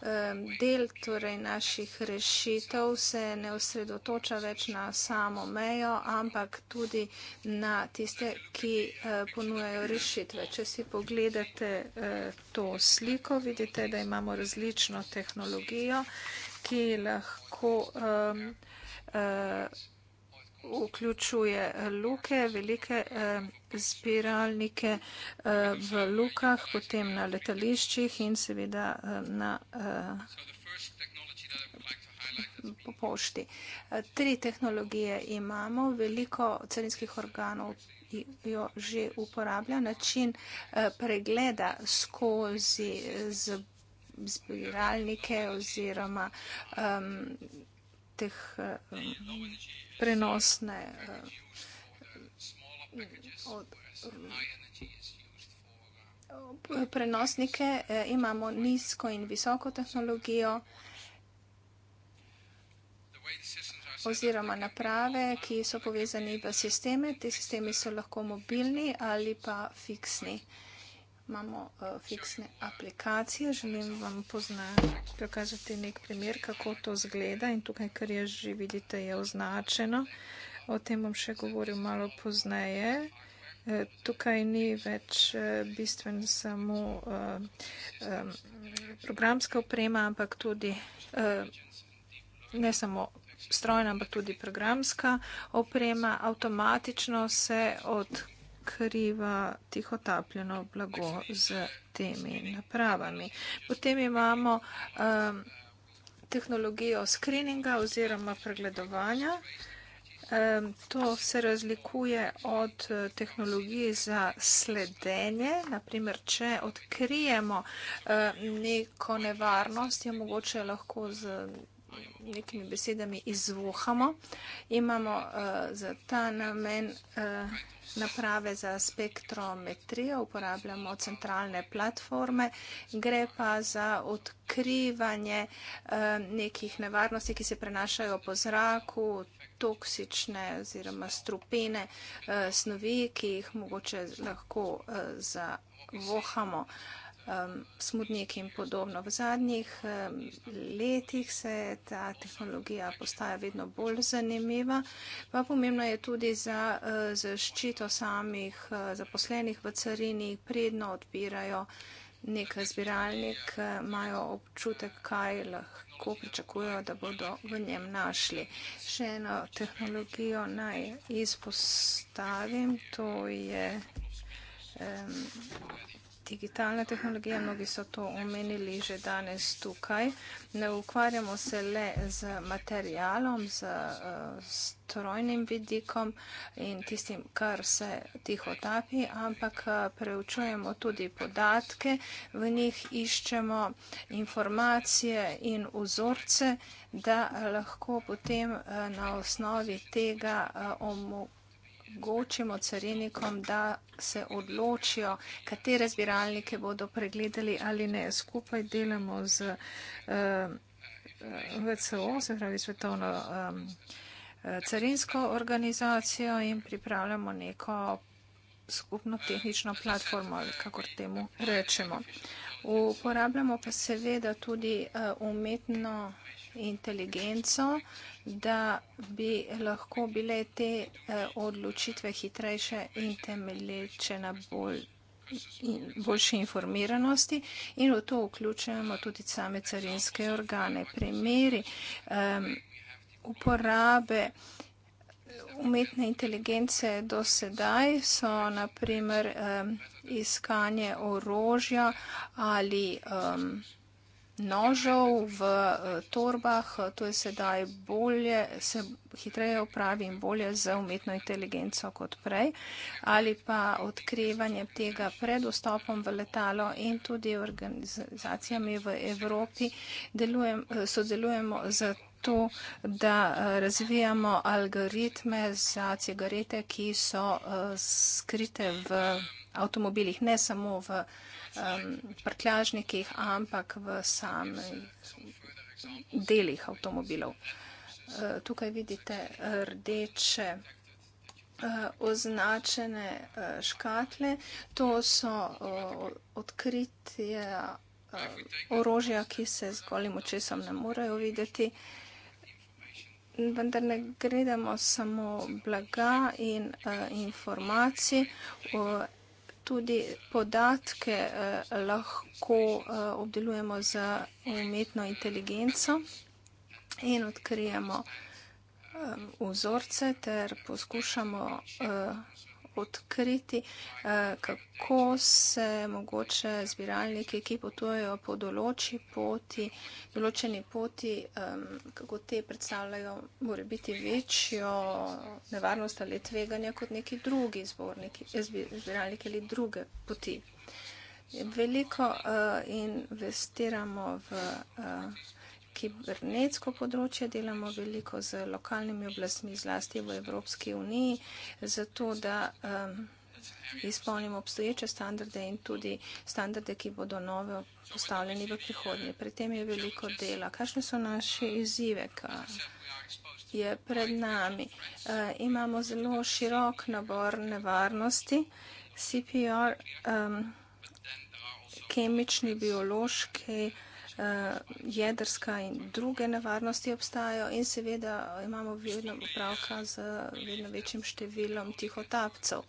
del torej naših rešitev se ne osredotoča več na samo mejo, ampak tudi na tiste, ki eh, ponujajo rešitve. Če si pogledate eh, to sliko, vidite, da imamo različno tehnologijo, ki lahko eh, vključuje eh, luke, velike eh, zbiralnike eh, v lukah, potem na letališčih in seveda na po pošti. Tri tehnologije imamo, veliko carinskih organov jo že uporablja. Način pregleda skozi zbiralnike oziroma um, teh eh, prenosne eh, eh, prenosnike imamo nizko in visoko tehnologijo oziroma naprave, ki so povezani v sisteme. Ti sistemi so lahko mobilni ali pa fiksni imamo uh, fiksne aplikacije. Želim vam pokazati nek primer, kako to zgleda in tukaj, kar je že vidite, je označeno. O tem bom še govoril malo pozneje. Eh, tukaj ni več eh, bistven samo uh, um, programska oprema, ampak tudi uh, ne samo strojna, ampak tudi programska oprema. Avtomatično se odkrije pokriva tihotapljeno blago z temi napravami. Potem imamo um, tehnologijo screeninga oziroma pregledovanja. Um, to se razlikuje od eh, tehnologije za sledenje. Naprimer, če odkrijemo um, neko nevarnost, je mogoče lahko z nekimi besedami izvohamo. Imamo uh, za ta namen uh, naprave za spektrometrijo, uporabljamo centralne platforme, gre pa za odkrivanje uh, nekih nevarnosti, ki se prenašajo po zraku, toksične oziroma strupene uh, snovi, ki jih mogoče lahko uh, zavohamo. Uh, Um, smodnik in podobno. V zadnjih um, letih se ta tehnologija postaja vedno bolj zanimiva, pa pomembno je tudi za uh, zaščito samih uh, zaposlenih v carini, predno odpirajo nek zbiralnik, uh, imajo občutek, kaj lahko pričakujejo, da bodo v njem našli. Še eno tehnologijo naj izpostavim, to je um, digitalna tehnologija, mnogi so to omenili že danes tukaj. Ne ukvarjamo se le z materialom, z eh, strojnim vidikom in tistim, kar se tiho tapi, ampak eh, preučujemo tudi podatke, v njih iščemo informacije in vzorce, da lahko potem eh, na osnovi tega omogočimo omogočimo carinikom, da se odločijo, katere zbiralnike bodo pregledali ali ne. Skupaj delamo z uh, eh, VCO, se pravi Svetovno um, carinsko organizacijo in pripravljamo neko skupno tehnično platformo, ali kakor temu rečemo. Uporabljamo pa seveda tudi uh, umetno inteligenco, da bi lahko bile te eh, odločitve hitrejše in temelječe na bolj in boljši informiranosti in v to vključujemo tudi same carinske organe. Primeri um, uporabe umetne inteligence do sedaj so naprimer um, iskanje orožja ali um, nožev v eh, torbah, eh, to je sedaj bolje, se hitreje upravi in bolje z umetno inteligenco kot prej, ali pa odkrivanje tega pred vstopom v letalo in tudi organizacijami v Evropi delujem, eh, sodelujemo z to, da eh, razvijamo algoritme za cigarete, ki so eh, skrite v avtomobilih, ne samo v prtljažnikih, ampak v samih delih avtomobilov. Eh, tukaj vidite rdeče označene škatle. To so odkritje orožja, ki se z golim očesom ne morejo videti vendar ne gredemo samo blaga in uh, informacij, uh, tudi podatke uh, lahko uh, obdelujemo z umetno inteligenco in odkrijemo um, vzorce ter poskušamo uh, odkriti, eh, kako se mogoče zbiralniki, ki potujejo po določi poti, določeni poti, kako te predstavljajo, mora biti večjo nevarnost ali tveganje kot neki drugi zborniki, zbiralniki ali druge poti. Veliko uh, investiramo v uh, kibernetsko področje, delamo veliko z lokalnimi oblastmi, zlasti v Evropski uniji, zato da um, izpolnimo obstoječe standarde in tudi standarde, ki bodo nove postavljeni v prihodnje. Pri tem je veliko dela. Kakšne so naše izzive, ki je pred nami? E, imamo zelo širok nabor nevarnosti. CPR, um, kemični, biološki, Eh, jedrska in druge nevarnosti obstajajo in seveda imamo vedno upravka z vedno večjim številom tihotapcev.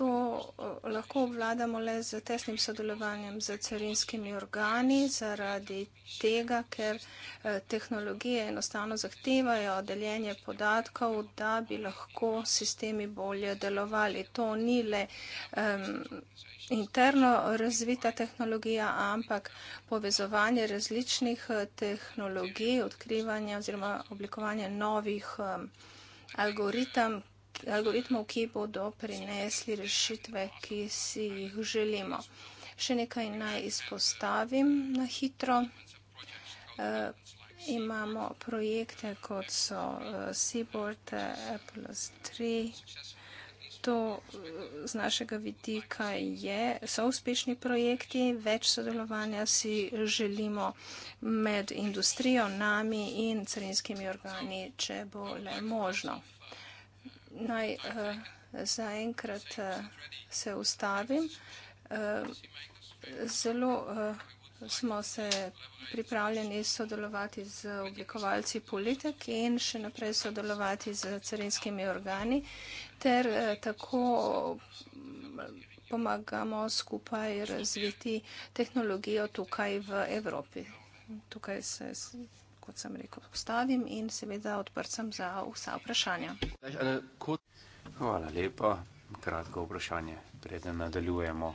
To eh, lahko obvladamo le z tesnim sodelovanjem z carinskimi organi, zaradi tega, ker eh, tehnologije enostavno zahtevajo deljenje podatkov, da bi lahko sistemi bolje delovali. To ni le. Um, interno razvita tehnologija, ampak povezovanje različnih eh, tehnologij, odkrivanje oziroma oblikovanje novih eh, algoritem, algoritmov, ki bodo prinesli rešitve, ki si jih želimo. Še nekaj naj izpostavim na hitro. E, imamo projekte, kot so Seaboard, Apple 3 to z našega vidika je, so uspešni projekti, več sodelovanja si želimo med industrijo, nami in carinskimi organi, če bo le možno. Naj uh, zaenkrat uh, se ustavim. Uh, zelo uh, smo se pripravljeni sodelovati z oblikovalci politik in še naprej sodelovati z carinskimi organi. Uh, ter eh, tako mm, pomagamo skupaj razviti tehnologijo tukaj v Evropi. Tukaj se, kot sem rekel, postavim in seveda odprt sem za vsa vprašanja. Hvala lepa. Kratko vprašanje, preden nadaljujemo.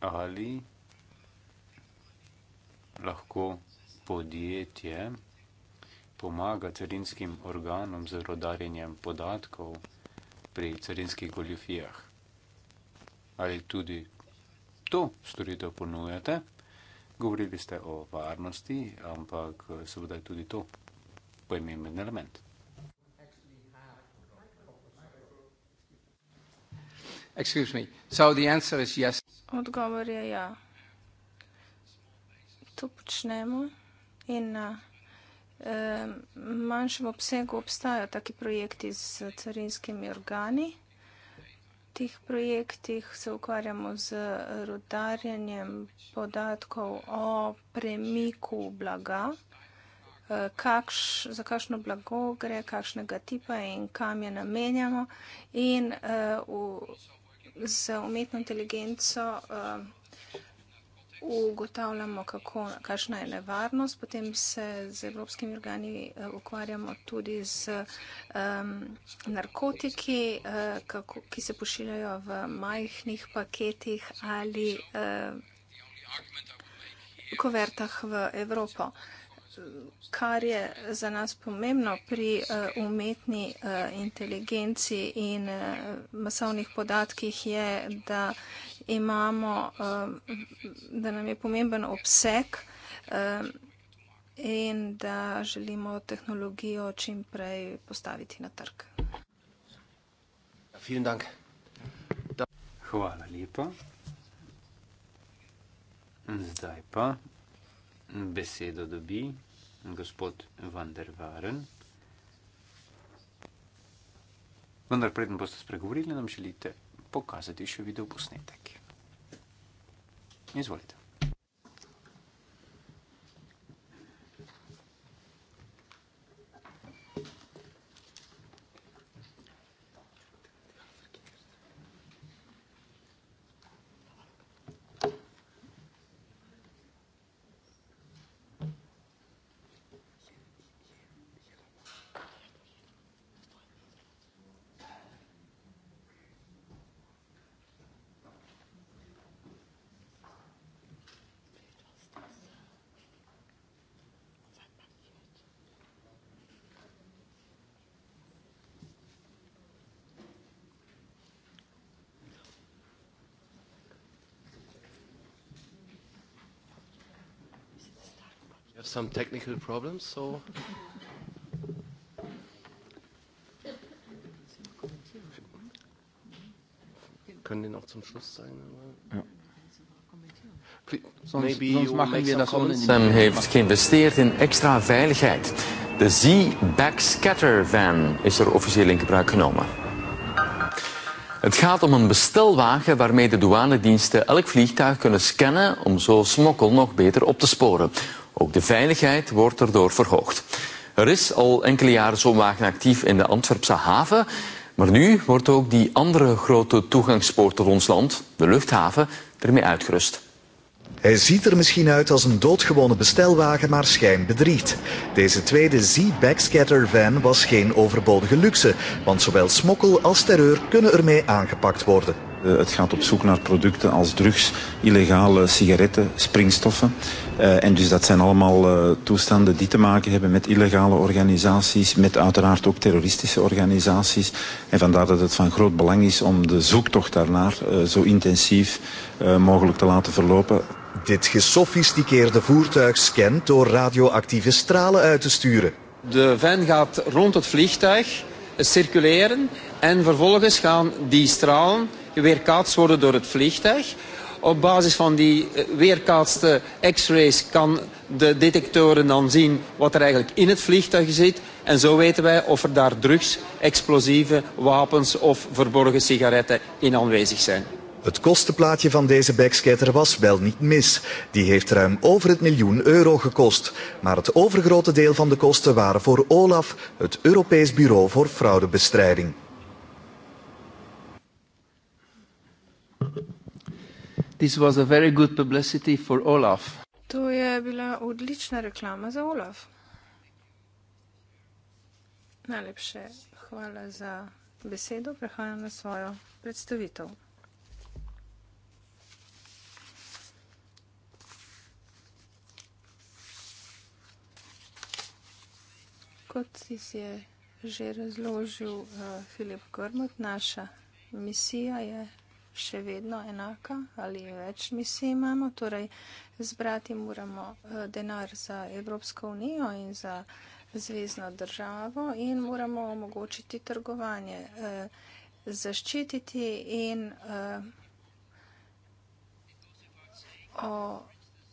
Ali lahko podjetje pomaga carinskim organom z rodarjenjem podatkov pri carinskih goljufijah. Ali tudi to storitev ponujate? Govorili ste o varnosti, ampak seveda je tudi to pomemben element. Yes. Odgovor je ja. To počnemo in uh, Eh, manjšem obsegu obstajajo taki projekti z carinskimi organi. V teh projektih se ukvarjamo z rodarjenjem podatkov o premiku blaga, eh, kakš, za kakšno blago gre, kakšnega tipa in kam je namenjamo. In uh, v, z umetno inteligenco uh, ugotavljamo, kako, kakšna je nevarnost. Potem se z evropskimi organi eh, ukvarjamo tudi z um, narkotiki, uh, kako, ki se pošiljajo v majhnih paketih ali uh, kovertah v Evropo. Kar je za nas pomembno pri uh, umetni uh, inteligenci in uh, masovnih podatkih je, da imamo, um, da nam je pomemben obseg um, in da želimo tehnologijo čim prej postaviti na trg. Hvala lepa. Zdaj pa besedo dobi gospod Vandervaren. Vendar preden boste spregovorili, nam želite pokazati še videoposnetek. Izvolite. some technical problems, so. Können die noch zum Schluss sein? Ja. Sam heeft geïnvesteerd in extra veiligheid. De Z-Backscatter van is er officieel in gebruik genomen. Het gaat om een bestelwagen waarmee de douanediensten elk vliegtuig kunnen scannen om zo smokkel nog beter op te sporen. Ook de veiligheid wordt erdoor verhoogd. Er is al enkele jaren zo'n wagen actief in de Antwerpse haven. Maar nu wordt ook die andere grote toegangspoort tot ons land, de luchthaven, ermee uitgerust. Hij ziet er misschien uit als een doodgewone bestelwagen, maar schijn bedriegt. Deze tweede Z-Backscatter van was geen overbodige luxe, want zowel smokkel als terreur kunnen ermee aangepakt worden. Eh, het gaat op zoek naar producten als drugs, illegale sigaretten, springstoffen. Eh, en dus dat zijn allemaal eh, toestanden die te maken hebben met illegale organisaties, met uiteraard ook terroristische organisaties. En vandaar dat het van groot belang is om de zoektocht daarnaar zo intensief mogelijk te laten verlopen. Dit gesofisticeerde voertuig scant door radioactieve stralen uit te sturen. De van gaat rond het vliegtuig circuleren en vervolgens gaan die stralen weerkaatst worden door het vliegtuig. Op basis van die eh, weerkaatste x-rays kan de detectoren dan zien wat er eigenlijk in het vliegtuig zit. En zo weten wij of er daar drugs, explosieven, wapens of verborgen sigaretten in aanwezig zijn. Het kostenplaatje van deze backscatter was wel niet mis. Die heeft ruim over het miljoen euro gekost. Maar het overgrote deel van de kosten waren voor OLAF, het Europees Bureau voor Fraudebestrijding. To je bila odlična reklama za Olaf. Najlepše hvala za besedo. Prehajam na svojo predstavitev. Kot si je že razložil uh, Filip Grmot, naša misija je še vedno enaka ali več misij imamo. Torej, zbrati moramo eh, denar za Evropsko unijo in za zvezdno državo in moramo omogočiti trgovanje, eh, zaščititi in eh,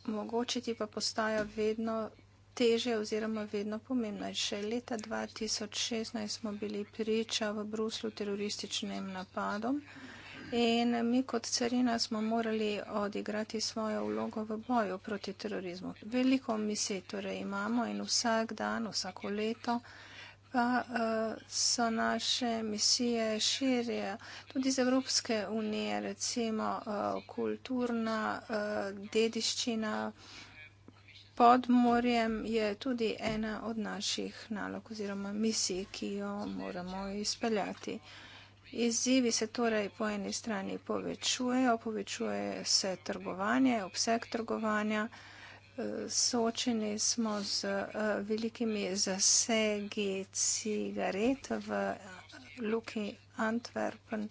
omogočiti pa postajo vedno teže oziroma vedno pomembnejše. Leta 2016 smo bili priča v Bruslu terorističnim napadom. In mi kot carina smo morali odigrati svojo vlogo v boju proti terorizmu. Veliko misij torej imamo in vsak dan, vsako leto pa uh, so naše misije širje, tudi iz Evropske unije, recimo uh, kulturna uh, dediščina pod morjem je tudi ena od naših nalog oziroma misij, ki jo moramo izpeljati. Uh, Izzivi se torej po eni strani povečujejo, povečuje se trgovanje, obseg trgovanja. E, Sočeni smo z e, velikimi zasegi cigaret v Luki Antwerpen.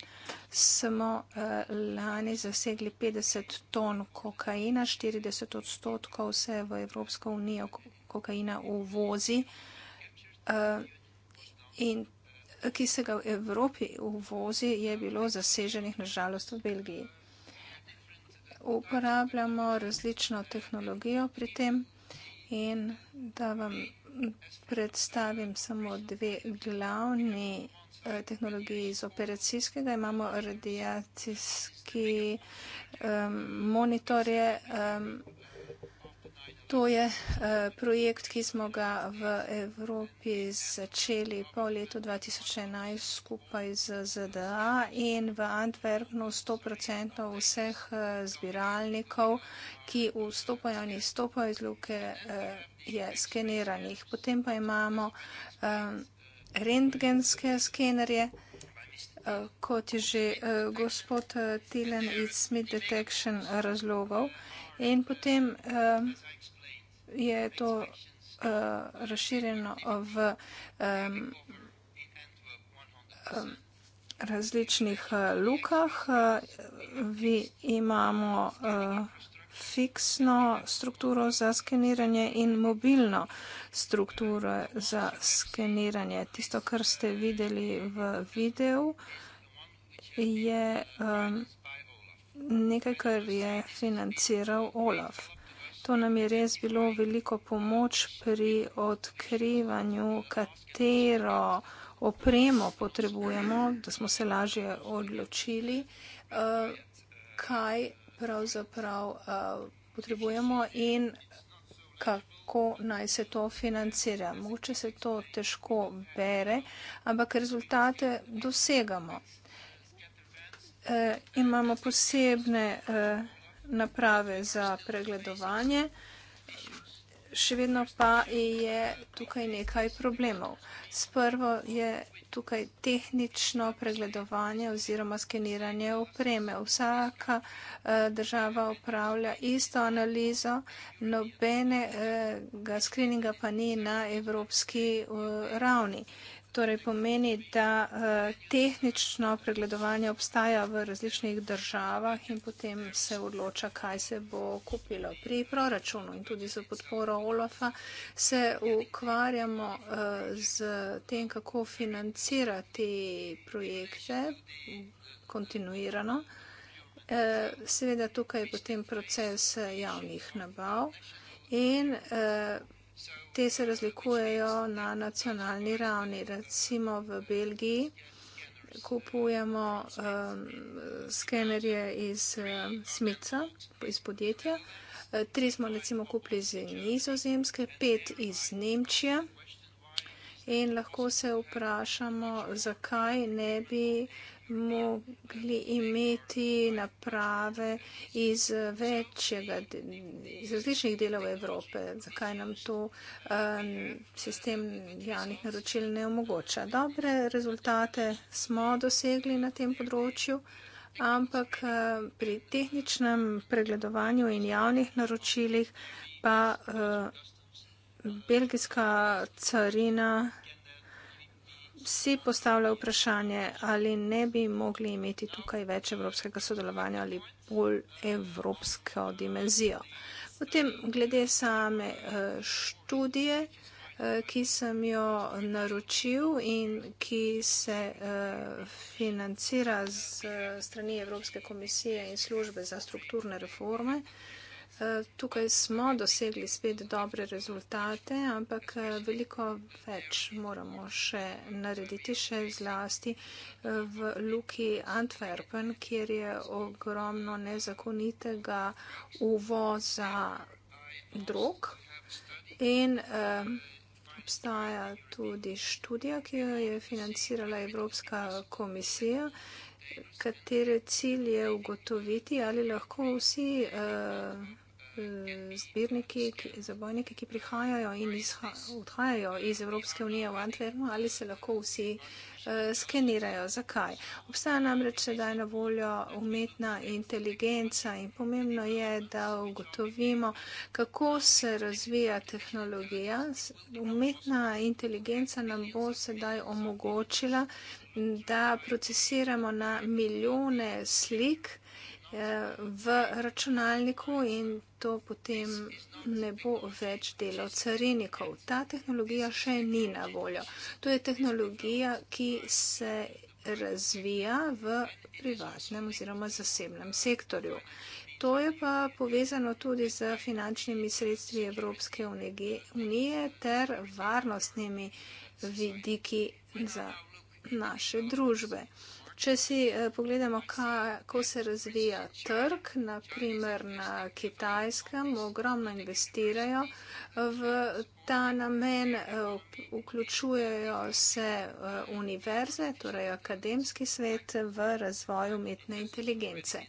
Smo e, lani zasegli 50 ton kokaina, 40 odstotkov se v Evropsko unijo kokaina uvozi. In ki se ga v Evropi uvozi, je bilo zaseženih nažalost v Belgiji. Uporabljamo različno tehnologijo pri tem in da vam predstavim samo dve glavni eh, tehnologiji iz operacijskega. Imamo radijacijski um, eh, monitorje. Um, To je eh, projekt, ki smo ga v Evropi začeli po letu 2011 skupaj z ZDA in v Antwerpnu 100% vseh eh, zbiralnikov, ki vstopajo in izstopajo iz luke, eh, je skeniranih. Potem pa imamo rentgenske skenerje. Kot je že gospod Tilen iz Smith Detection razlogov. In potem je to uh, razširjeno v um, um, različnih uh, lukah. Uh, vi imamo uh, fiksno strukturo za skeniranje in mobilno strukturo za skeniranje. Tisto, kar ste videli v videu, je um, nekaj, kar je financiral Olaf. To nam je res bilo veliko pomoč pri odkrivanju, katero opremo potrebujemo, da smo se lažje odločili, eh, kaj pravzaprav eh, potrebujemo in kako naj se to financira. Mogoče se to težko bere, ampak rezultate dosegamo. Eh, imamo posebne naprave za pregledovanje, še vedno pa je tukaj nekaj problemov. Sprvo je tukaj tehnično pregledovanje oziroma skeniranje opreme. Vsaka eh, država upravlja isto analizo, nobenega eh, screeninga pa ni na evropski eh, ravni torej pomeni, da eh, tehnično pregledovanje obstaja v različnih državah in potem se odloča, kaj se bo kupilo pri proračunu. In tudi za podporo Olafa se ukvarjamo z eh, tem, kako financirati projekte kontinuirano. Eh, seveda tukaj je potem proces javnih nabav. In eh, te se razlikujejo na nacionalni ravni. Recimo v Belgiji kupujemo um, skenerje iz um, Smica, iz podjetja. Eh, tri smo recimo kupili iz Nizozemske, pet iz Nemčije. In lahko se vprašamo, zakaj ne bi uh, mogli imeti naprave iz večjega, iz različnih delov Evrope. Zakaj nam to eh, sistem javnih naročil ne omogoča? Dobre rezultate smo dosegli na tem področju, ampak eh, pri tehničnem pregledovanju in javnih naročilih pa eh, belgijska carina si postavlja vprašanje, ali ne bi mogli imeti tukaj več evropskega sodelovanja ali bolj evropsko dimenzijo. Potem, glede same eh, študije, eh, ki sem jo naročil in ki se eh, financira z strani Evropske komisije in službe za strukturne reforme, Eh, tukaj smo dosegli spet dobre rezultate, ampak eh, veliko več moramo še narediti, še zlasti eh, v Luki Antwerpen, kjer je ogromno nezakonitega uvoza drog. In eh, obstaja tudi študija, ki jo je financirala Evropska komisija katere cilj je ugotoviti, ali lahko vsi eh, Eh, zbirniki, zabojniki, ki prihajajo in odhajajo iz Evropske unije v Antwerpu, ali se lahko vsi eh, skenirajo. Zakaj? Obstaja namreč sedaj na voljo umetna inteligenca in pomembno je, da ugotovimo, kako se razvija tehnologija. Umetna inteligenca nam bo sedaj omogočila, da procesiramo na milijone slik, v računalniku in to potem ne bo več delo carinikov. Ta tehnologija še ni na voljo. To je tehnologija, ki se razvija v privatnem oziroma zasebnem sektorju. To je pa povezano tudi z finančnimi sredstvi Evropske unije ter varnostnimi vidiki za naše družbe. Če si eh, pogledamo, kako se razvija trg, naprimer na Kitajskem, ogromno investirajo eh, v ta namen, eh, vključujejo se univerze, torej akademski svet v razvoj umetne inteligence.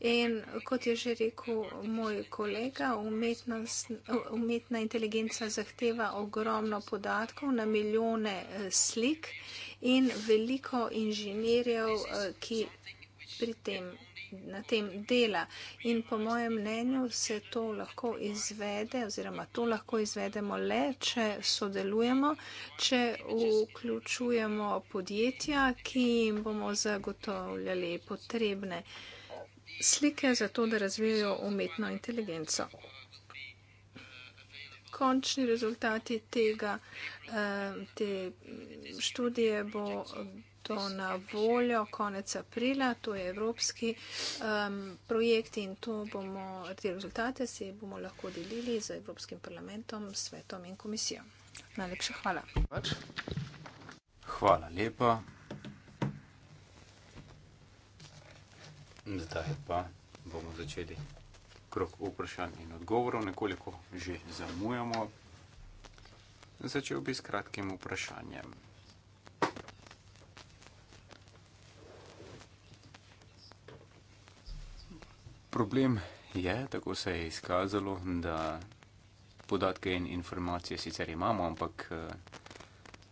In kot je že rekel moj kolega, umetnost, umetna inteligenca zahteva ogromno podatkov na milijone slik in veliko inženirjev, eh, ki pri tem na tem dela. In po mojem mnenju se to lahko izvede oziroma to lahko izvedemo le, če sodelujemo, če vključujemo podjetja, ki jim bomo zagotovljali potrebne slike za to, da razvijajo umetno inteligenco končni rezultati tega, eh, te študije bo to na voljo konec aprila, to je evropski um, projekt in to bomo, te rezultate se bomo lahko delili z Evropskim parlamentom, svetom in komisijo. Najlepša hvala. Hvala lepa. Zdaj pa bomo začeli krok vprašanj in odgovorov, nekoliko že zamujamo. Začel bi s kratkim vprašanjem. Problem je, tako se je izkazalo, da podatke in informacije sicer imamo, ampak eh,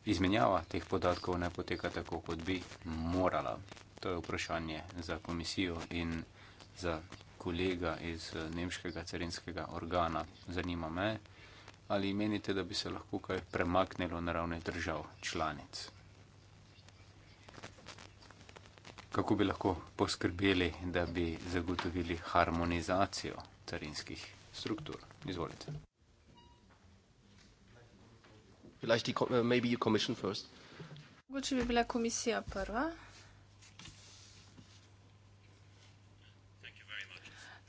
izmenjava teh podatkov ne poteka tako, kot bi morala. To je vprašanje za komisijo in za kolega iz eh, nemškega carinskega organa. Zanima me, ali menite, da bi se lahko kaj premaknilo na ravni držav članic? Kako bi lahko poskrbeli, da bi zagotovili harmonizacijo carinskih struktur? Izvolite. Äh, Mogoče bi bila komisija prva.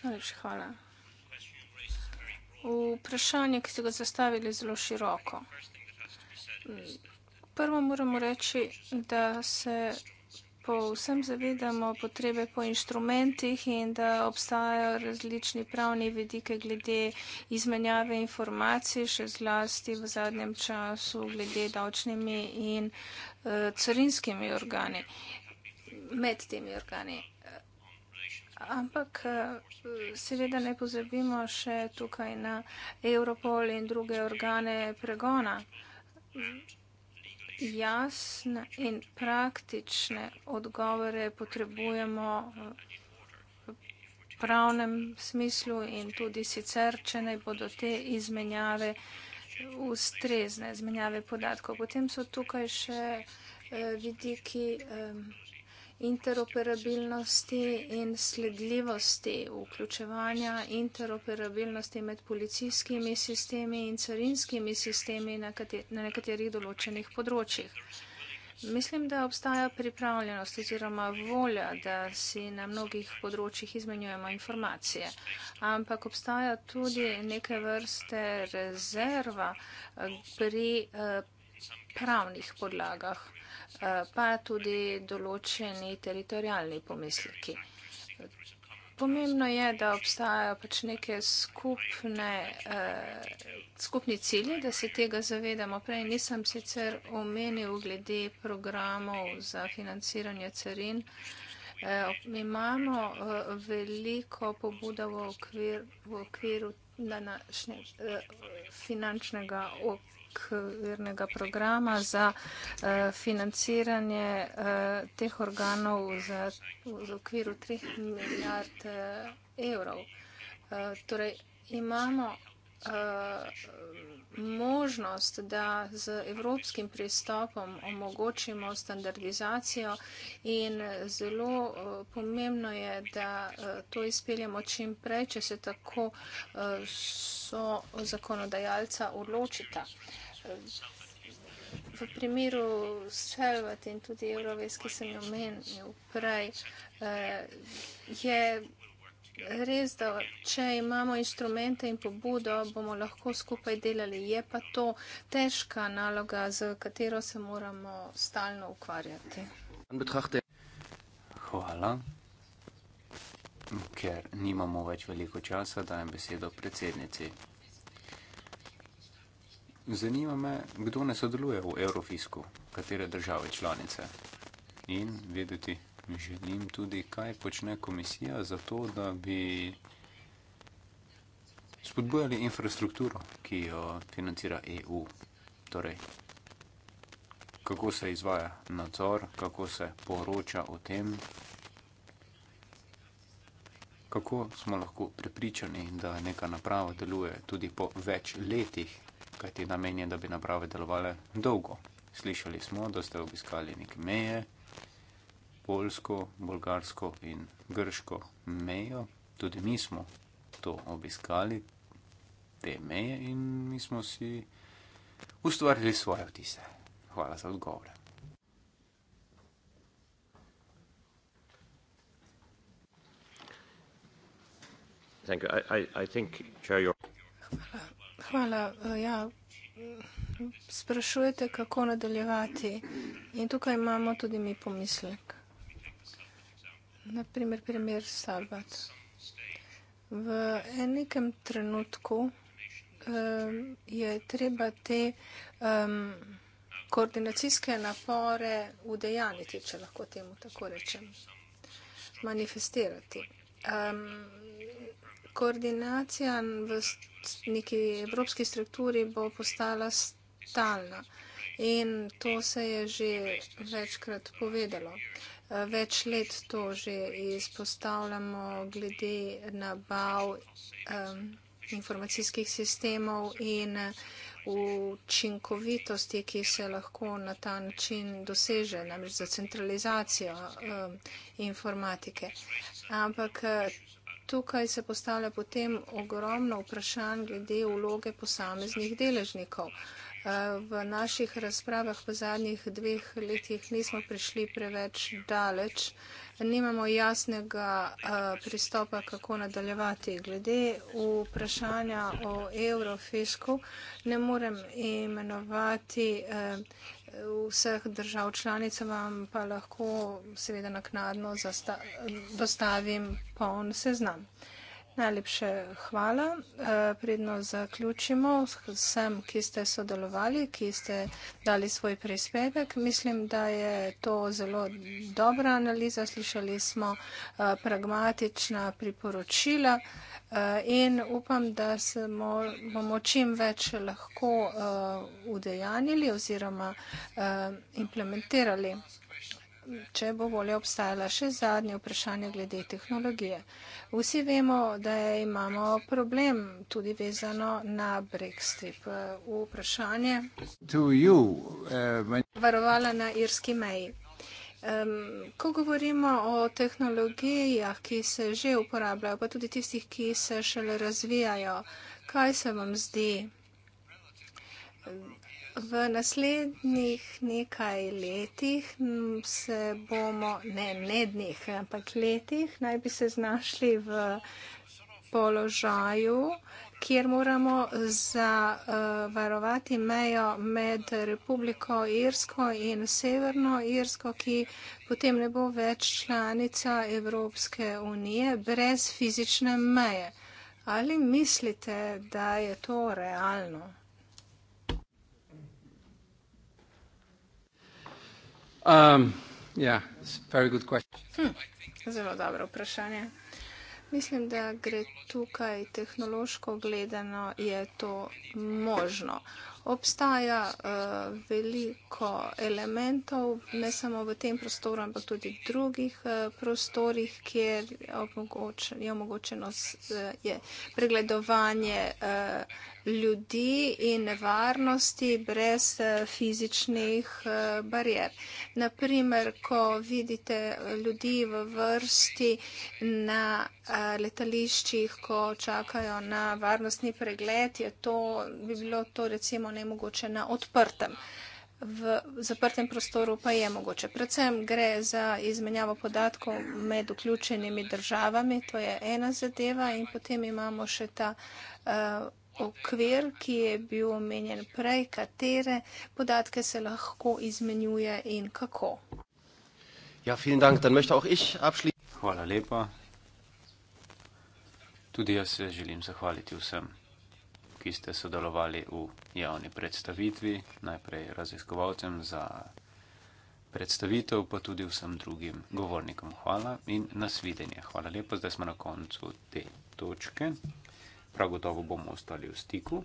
Najlepša hvala. Vprašanje, ki ste ga zastavili, je zelo široko. Prvo moramo reči, da se povsem zavedamo potrebe po inštrumentih in da obstajajo različni pravni vidike glede izmenjave informacij, še zlasti v zadnjem času glede davčnimi in eh, carinskimi organi, med temi organi ampak eh, seveda ne pozabimo še tukaj na Europol in druge organe pregona. Jasne in praktične odgovore potrebujemo v pravnem smislu in tudi sicer, če naj bodo te izmenjave ustrezne, izmenjave podatkov. Potem so tukaj še eh, vidiki. Um, interoperabilnosti in sledljivosti, vključevanja interoperabilnosti med policijskimi sistemi in carinskimi sistemi na, kateri, na nekaterih določenih področjih. Mislim, da obstaja pripravljenost oziroma volja, da si na mnogih področjih izmenjujemo informacije, ampak obstaja tudi neke vrste rezerva pri eh, pravnih podlagah. Eh, pa tudi določeni teritorijalni pomisleki. Pomembno je, da obstajajo pač neke skupne, eh, skupni cilji, da se tega zavedamo. Prej nisem sicer omenil glede programov za financiranje carin. Eh, imamo eh, veliko pobudo v, okvir, v okviru današnje, eh, finančnega okvira okvirnega eh, programa za uh, financiranje uh, teh organov za, v okviru 3 milijard uh, evrov. Uh, torej imamo uh, možnost, da z evropskim pristopom omogočimo standardizacijo in zelo uh, pomembno je, da uh, to izpeljamo čim prej, če se tako uh, so zakonodajalca odločita. Uh, v primeru Selvat in tudi Euroves, ki sem jo menil prej, eh, je res, da če imamo instrumente in pobudo, bomo lahko skupaj delali. Je pa to težka naloga, z katero se moramo stalno ukvarjati. Hvala. Ker nimamo več veliko časa, dajem besedo predsednici. Zanima me, kdo ne sodeluje v Eurofisku, katere države članice. In vedeti želim tudi, kaj počne komisija za to, da bi spodbojali infrastrukturo, ki jo financira EU. Torej, kako se izvaja nadzor, kako se poroča o tem, kako smo lahko prepričani, da neka naprava deluje tudi po več letih kajti namen je, da bi naprave delovale dolgo. Slišali smo, da ste obiskali neke meje, polsko, bolgarsko in grško mejo, tudi mi smo to obiskali, te meje in mi smo si ustvarili svoje vtise. Hvala za odgovore. Thank you. I, I, I think, Chair, you're. Hvala. Ja, sprašujete, kako nadaljevati. In tukaj imamo tudi mi pomislek. Naprimer, primer Sabat. V enem trenutku je treba te um, koordinacijske napore udejaniti, če lahko temu tako rečem, manifestirati. Um, koordinacija v neki evropski strukturi bo postala stalna. In to se je že večkrat povedalo. Več let to že izpostavljamo glede nabav um, informacijskih sistemov in učinkovitosti, ki se lahko na ta način doseže, namreč za centralizacijo um, informatike. Ampak tukaj se postavlja potem ogromno vprašanj glede vloge posameznih deležnikov. Eh, v naših razpravah v zadnjih dveh letih nismo prišli preveč daleč. Nimamo jasnega eh, pristopa, kako nadaljevati. Glede vprašanja o Eurofisku ne morem imenovati eh, vseh držav članic, vam pa lahko seveda naknadno dostavim poln seznam. Najlepše hvala. E, predno zaključimo vsem, ki ste sodelovali, ki ste dali svoj prispevek. Mislim, da je to zelo dobra analiza. Slišali smo e, pragmatična priporočila e, in upam, da se bomo čim več lahko udejanili oziroma implementirali če bo volja obstajala. Še zadnje vprašanje glede tehnologije. Vsi vemo, da imamo problem tudi vezano na Brexit. Vprašanje. Eh, varovala na irski meji. Um, ko govorimo o tehnologijah, ki se že uporabljajo, pa tudi tistih, ki se šele razvijajo, kaj se vam zdi? V naslednjih nekaj letih se bomo, ne, ne dneh, ampak letih, naj bi se znašli v položaju, kjer moramo zavarovati mejo med Republiko Irsko in Severno Irsko, ki potem ne bo več članica Evropske unije brez fizične meje. Ali mislite, da je to realno? Um, yeah, very good question. Hm, zelo dobro vprašanje. Mislim, da gre tukaj tehnološko gledano, je to možno obstaja uh, veliko elementov, ne samo v tem prostoru, ampak tudi v drugih uh, prostorih, kjer je omogočeno uh, je pregledovanje uh, ljudi in nevarnosti brez uh, fizičnih uh, barijer. Naprimer, ko vidite ljudi v vrsti na uh, letališčih, ko čakajo na varnostni pregled, to, bi bilo to recimo ne mogoče na odprtem. V zaprtem prostoru pa je mogoče. Predvsem gre za izmenjavo podatkov med vključenimi državami, to je ena zadeva in potem imamo še ta uh, okvir, ki je bil omenjen prej, katere podatke se lahko izmenjuje in kako. Ja, dank, Hvala lepa. Tudi jaz se želim zahvaliti vsem ki ste sodelovali v javni predstavitvi, najprej raziskovalcem za predstavitev, pa tudi vsem drugim govornikom. Hvala in nasvidenje. Hvala lepo, zdaj smo na koncu te točke. Prav gotovo bomo ostali v stiku.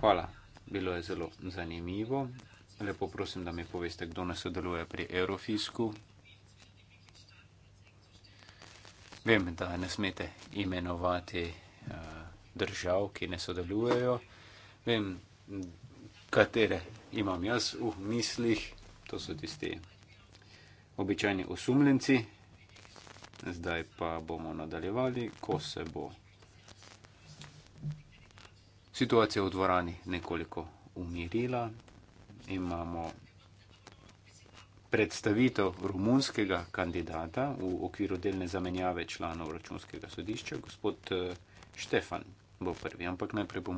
Hvala, bilo je zelo zanimivo. Lepo prosim, da mi poveste, kdo nas sodeluje pri Eurofisku. Vem, da ne smete imenovati uh, držav, ki ne sodelujejo. Vem, katere imam jaz v mislih, to so tisti običajni osumljenci. Zdaj pa bomo nadaljevali, ko se bo situacija v dvorani nekoliko umirila. Imamo predstavitev rumunskega kandidata v okviru delne zamenjave članov računskega sodišča, gospod eh, Štefan bo prvi, ampak najprej bomo.